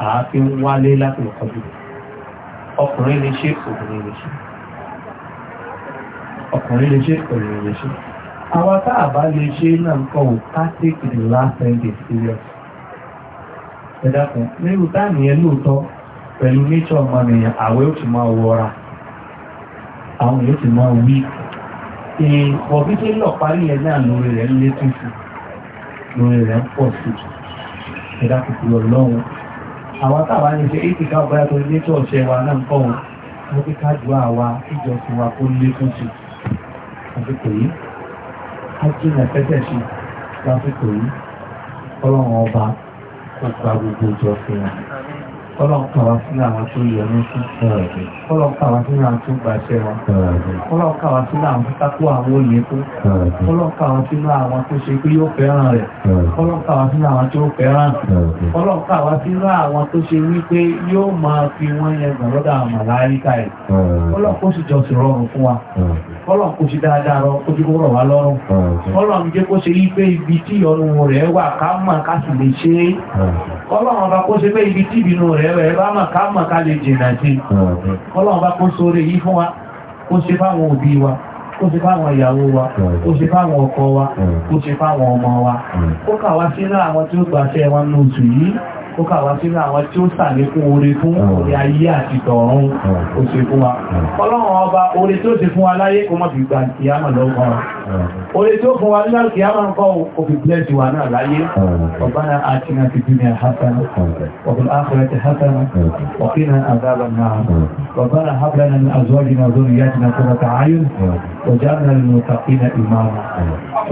àá fi ń wálé láti lọ́kọ́ jù ọkùnrin lè ṣe obìnrin lè ṣe ọkùnrin lè ṣe obìnrin lè ṣe àwọn tá a bá lè ṣe náà ń kọ́ ká take the last ten days serious ẹ̀dá kan nínú táàmì yẹn lóòótọ́ pẹ̀lú nature ọmọnìyàn àwẹ̀ ó ti máa wọra àwọn èèyàn ti máa wí ìkọ̀bí tó lọ parí yẹn náà lórí rẹ̀ ń lé tútù lórí rẹ̀ ń pọ̀ sí ẹ̀dá kòkòrò ọlọ́run àwọn táwa ní ṣe èyí ká ọgbà yàtọ̀ nature ọ̀ṣẹ́ wa náà ń kọ́ wọn mo ti ká ju àwa ìjọsìn wa kó lé tútù àsìkò yìí á jìnà tẹ́tẹ̀ sí lásìkò yìí ọlọ́run ọba kó gba gbogbo ìjọ fún wa ọlọ́run kàwá sínú àwọn tó yẹ ní sí ọlọ́run kàwá sínú àwọn tó gbàṣẹ wọn ọlọ́run kàwá sínú àwọn tó takú àwọn òye tó ọlọ́run kàwá sínú àwọn tó ṣe pé yóò fẹ́ràn rẹ̀ ọlọ́run kàwá sínú àwọn tó fẹ́ràn ọlọ́run kàwá sínú àwọn tó ṣe wípé yóò máa fi wọ́n yẹn gbàlọ́dà àmàlà àyíká ẹ̀ ọlọ́run kó sì jọ sí rọrùn fún wa. Ọlọ́run kò sí dáadáa rọ kó tí kó rọ̀ wá lọ́rùn ah, Ọlọ́run jẹ́ kó ṣe ibi tí ọrùn rẹ̀ wà ká ká ah, ọba kó ṣe pé ibi tí ìbínú rẹ̀ rẹ̀ bá mọ̀ ká mọ̀ ká lè jìnà sí ah, Ọlọ́run ọba kó ṣoore fún wa kó wa ó ṣe fáwọn ìyàwó wa mm. ó ṣe fáwọn ọkọ wa mm. ó ṣe ọmọ wa mm. ó ka wa sínú àwọn tí ó gbàṣẹ wọn ní oṣù yìí ó kà sínú àwọn tí ó sàlékún oore fún orí ayé àti tọ̀run ó fún wa ọlọ́run ọba oore tí ó ṣe fún wa láyé kó má fi gba lọ́gbọ́n wa tí ó fún wa ń kọ́ wa náà láyé àti náà ti dúnìyà hasana ọ̀bùn àdábà náà hábẹ́rẹ́ وجعلنا للمتقين إماما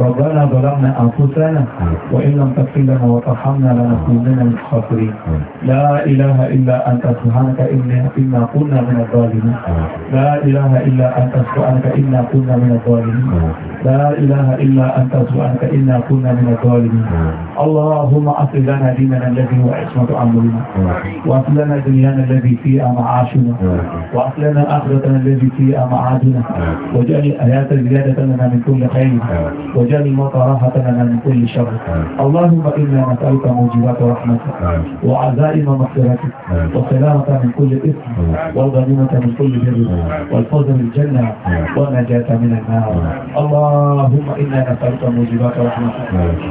ربنا ظلمنا أنفسنا وإن لم تغفر لنا وترحمنا لنكونن من الخاسرين لا إله إلا أنت سبحانك إنا كنا من الظالمين لا إله إلا أنت سبحانك إنا كنا من الظالمين لا إله إلا أنت سبحانك إنا كنا من الظالمين اللهم أصل لنا ديننا الذي هو عصمة أمرنا وأصل لنا دنيانا الذي فيها معاشنا وأصل لنا آخرتنا الذي فيها معادنا واجعل الحياة زيادة لنا من كل خير وجل وطراحة لنا من كل شر اللهم إنا نسألك موجبات رحمتك وعزائم مغفرتك والسلامة من كل إثم والغنيمة من كل بر والفوز بالجنة والنجاة من النار اللهم إنا نسألك موجبات رحمتك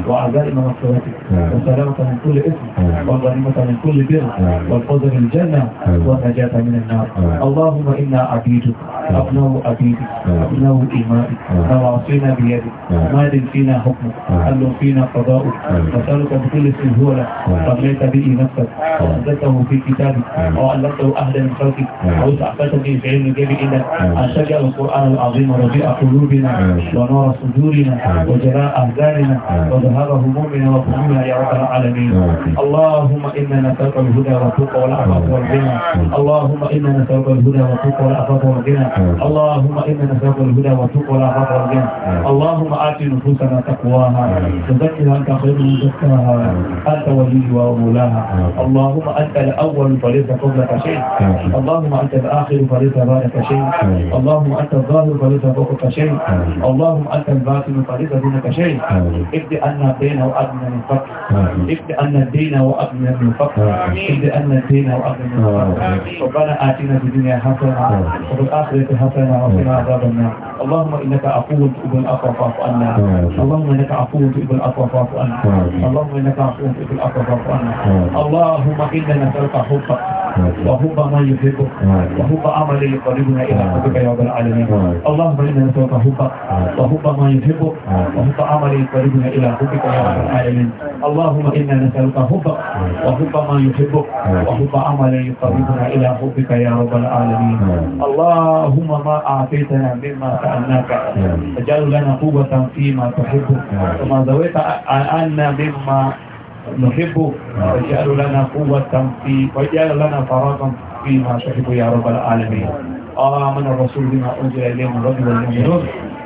وعزائم مغفرتك والسلامة من كل إثم والغنيمة من كل بر والفوز بالجنة والنجاة من النار اللهم إنا عبيدك أبناء عبيدك أبناء بمائك نواصينا آه. بيدك آه. ماد فينا حكمك آه. حل فينا قضاؤك نسألك بكل سهولة صليت به نفسك وأنزلته في كتابك وألقته أهلا من خلقك وأسعفتني في علم جيب إنك أن تجعل القرآن العظيم رضيع قلوبنا ونور صدورنا وجلاء أهداننا وذهاب همومنا وفهمنا يا رب العالمين اللهم إنا نسألك الهدى والتقى والعفاف والغنى اللهم إنا نسألك الهدى والتقى والعفاف والغنى اللهم إنا نسألك الهدى وتقواها فرجا اللهم آت نفوسنا تقواها وزكها أنت خير من زكاها أنت وليها ومولاها اللهم أنت الأول فليس قبلك شيء اللهم أنت الآخر فليس بعدك شيء اللهم أنت الظاهر فليس فوقك شيء اللهم أنت الباطن فليس دونك شيء ابدأ أن الدين وأبنى من فقر ابدأ أن الدين وأبنى من فقر ابدأ أن الدين وأبنى من فقر ربنا آتنا في الدنيا حسنة وفي الآخرة حسنة وفي عذاب النار اللهم إنك عفو ابن العفو عنا نعم. اللهم إنك عفو ابن العفو عنا نعم. اللهم إنك عفو ابن العفو عنا نعم. اللهم إنا نسألك حبك وحب من يحبك وحب عمل يقربنا إلى حبك يا رب العالمين اللهم إنا نسألك حبك وحب من يحبك وحب عمل يقربنا إلى حبك يا رب العالمين اللهم إنا نسألك حبك وحب من يحبك وحب عمل يقربنا إلى حبك يا رب العالمين اللهم ما أعطيتنا مما عنا تجعل لنا قوة فيما تحب وما زويت عنا مما نحب واجعل لنا قوة في واجعل لنا فراغا فيما تحب يا رب العالمين آمن الرسول بما أنزل إليه من ربه والمؤمنون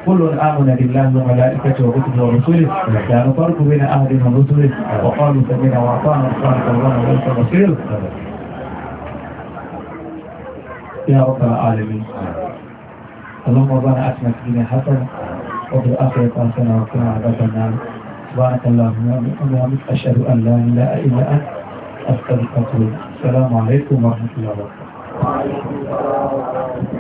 كل آمن بالله وملائكته وكتبه ورسله لا نفرق بين أهل من رسله وقالوا سمعنا وأعطانا سبحانك اللهم ولك المصير يا رب العالمين اللهم ربنا اتنا في الدنيا حسنه وفي الاخره حسنه وقنا عذاب النار سبحانك اللهم وبحمدك اشهد ان لا اله الا انت استغفرك السلام عليكم ورحمه الله وبركاته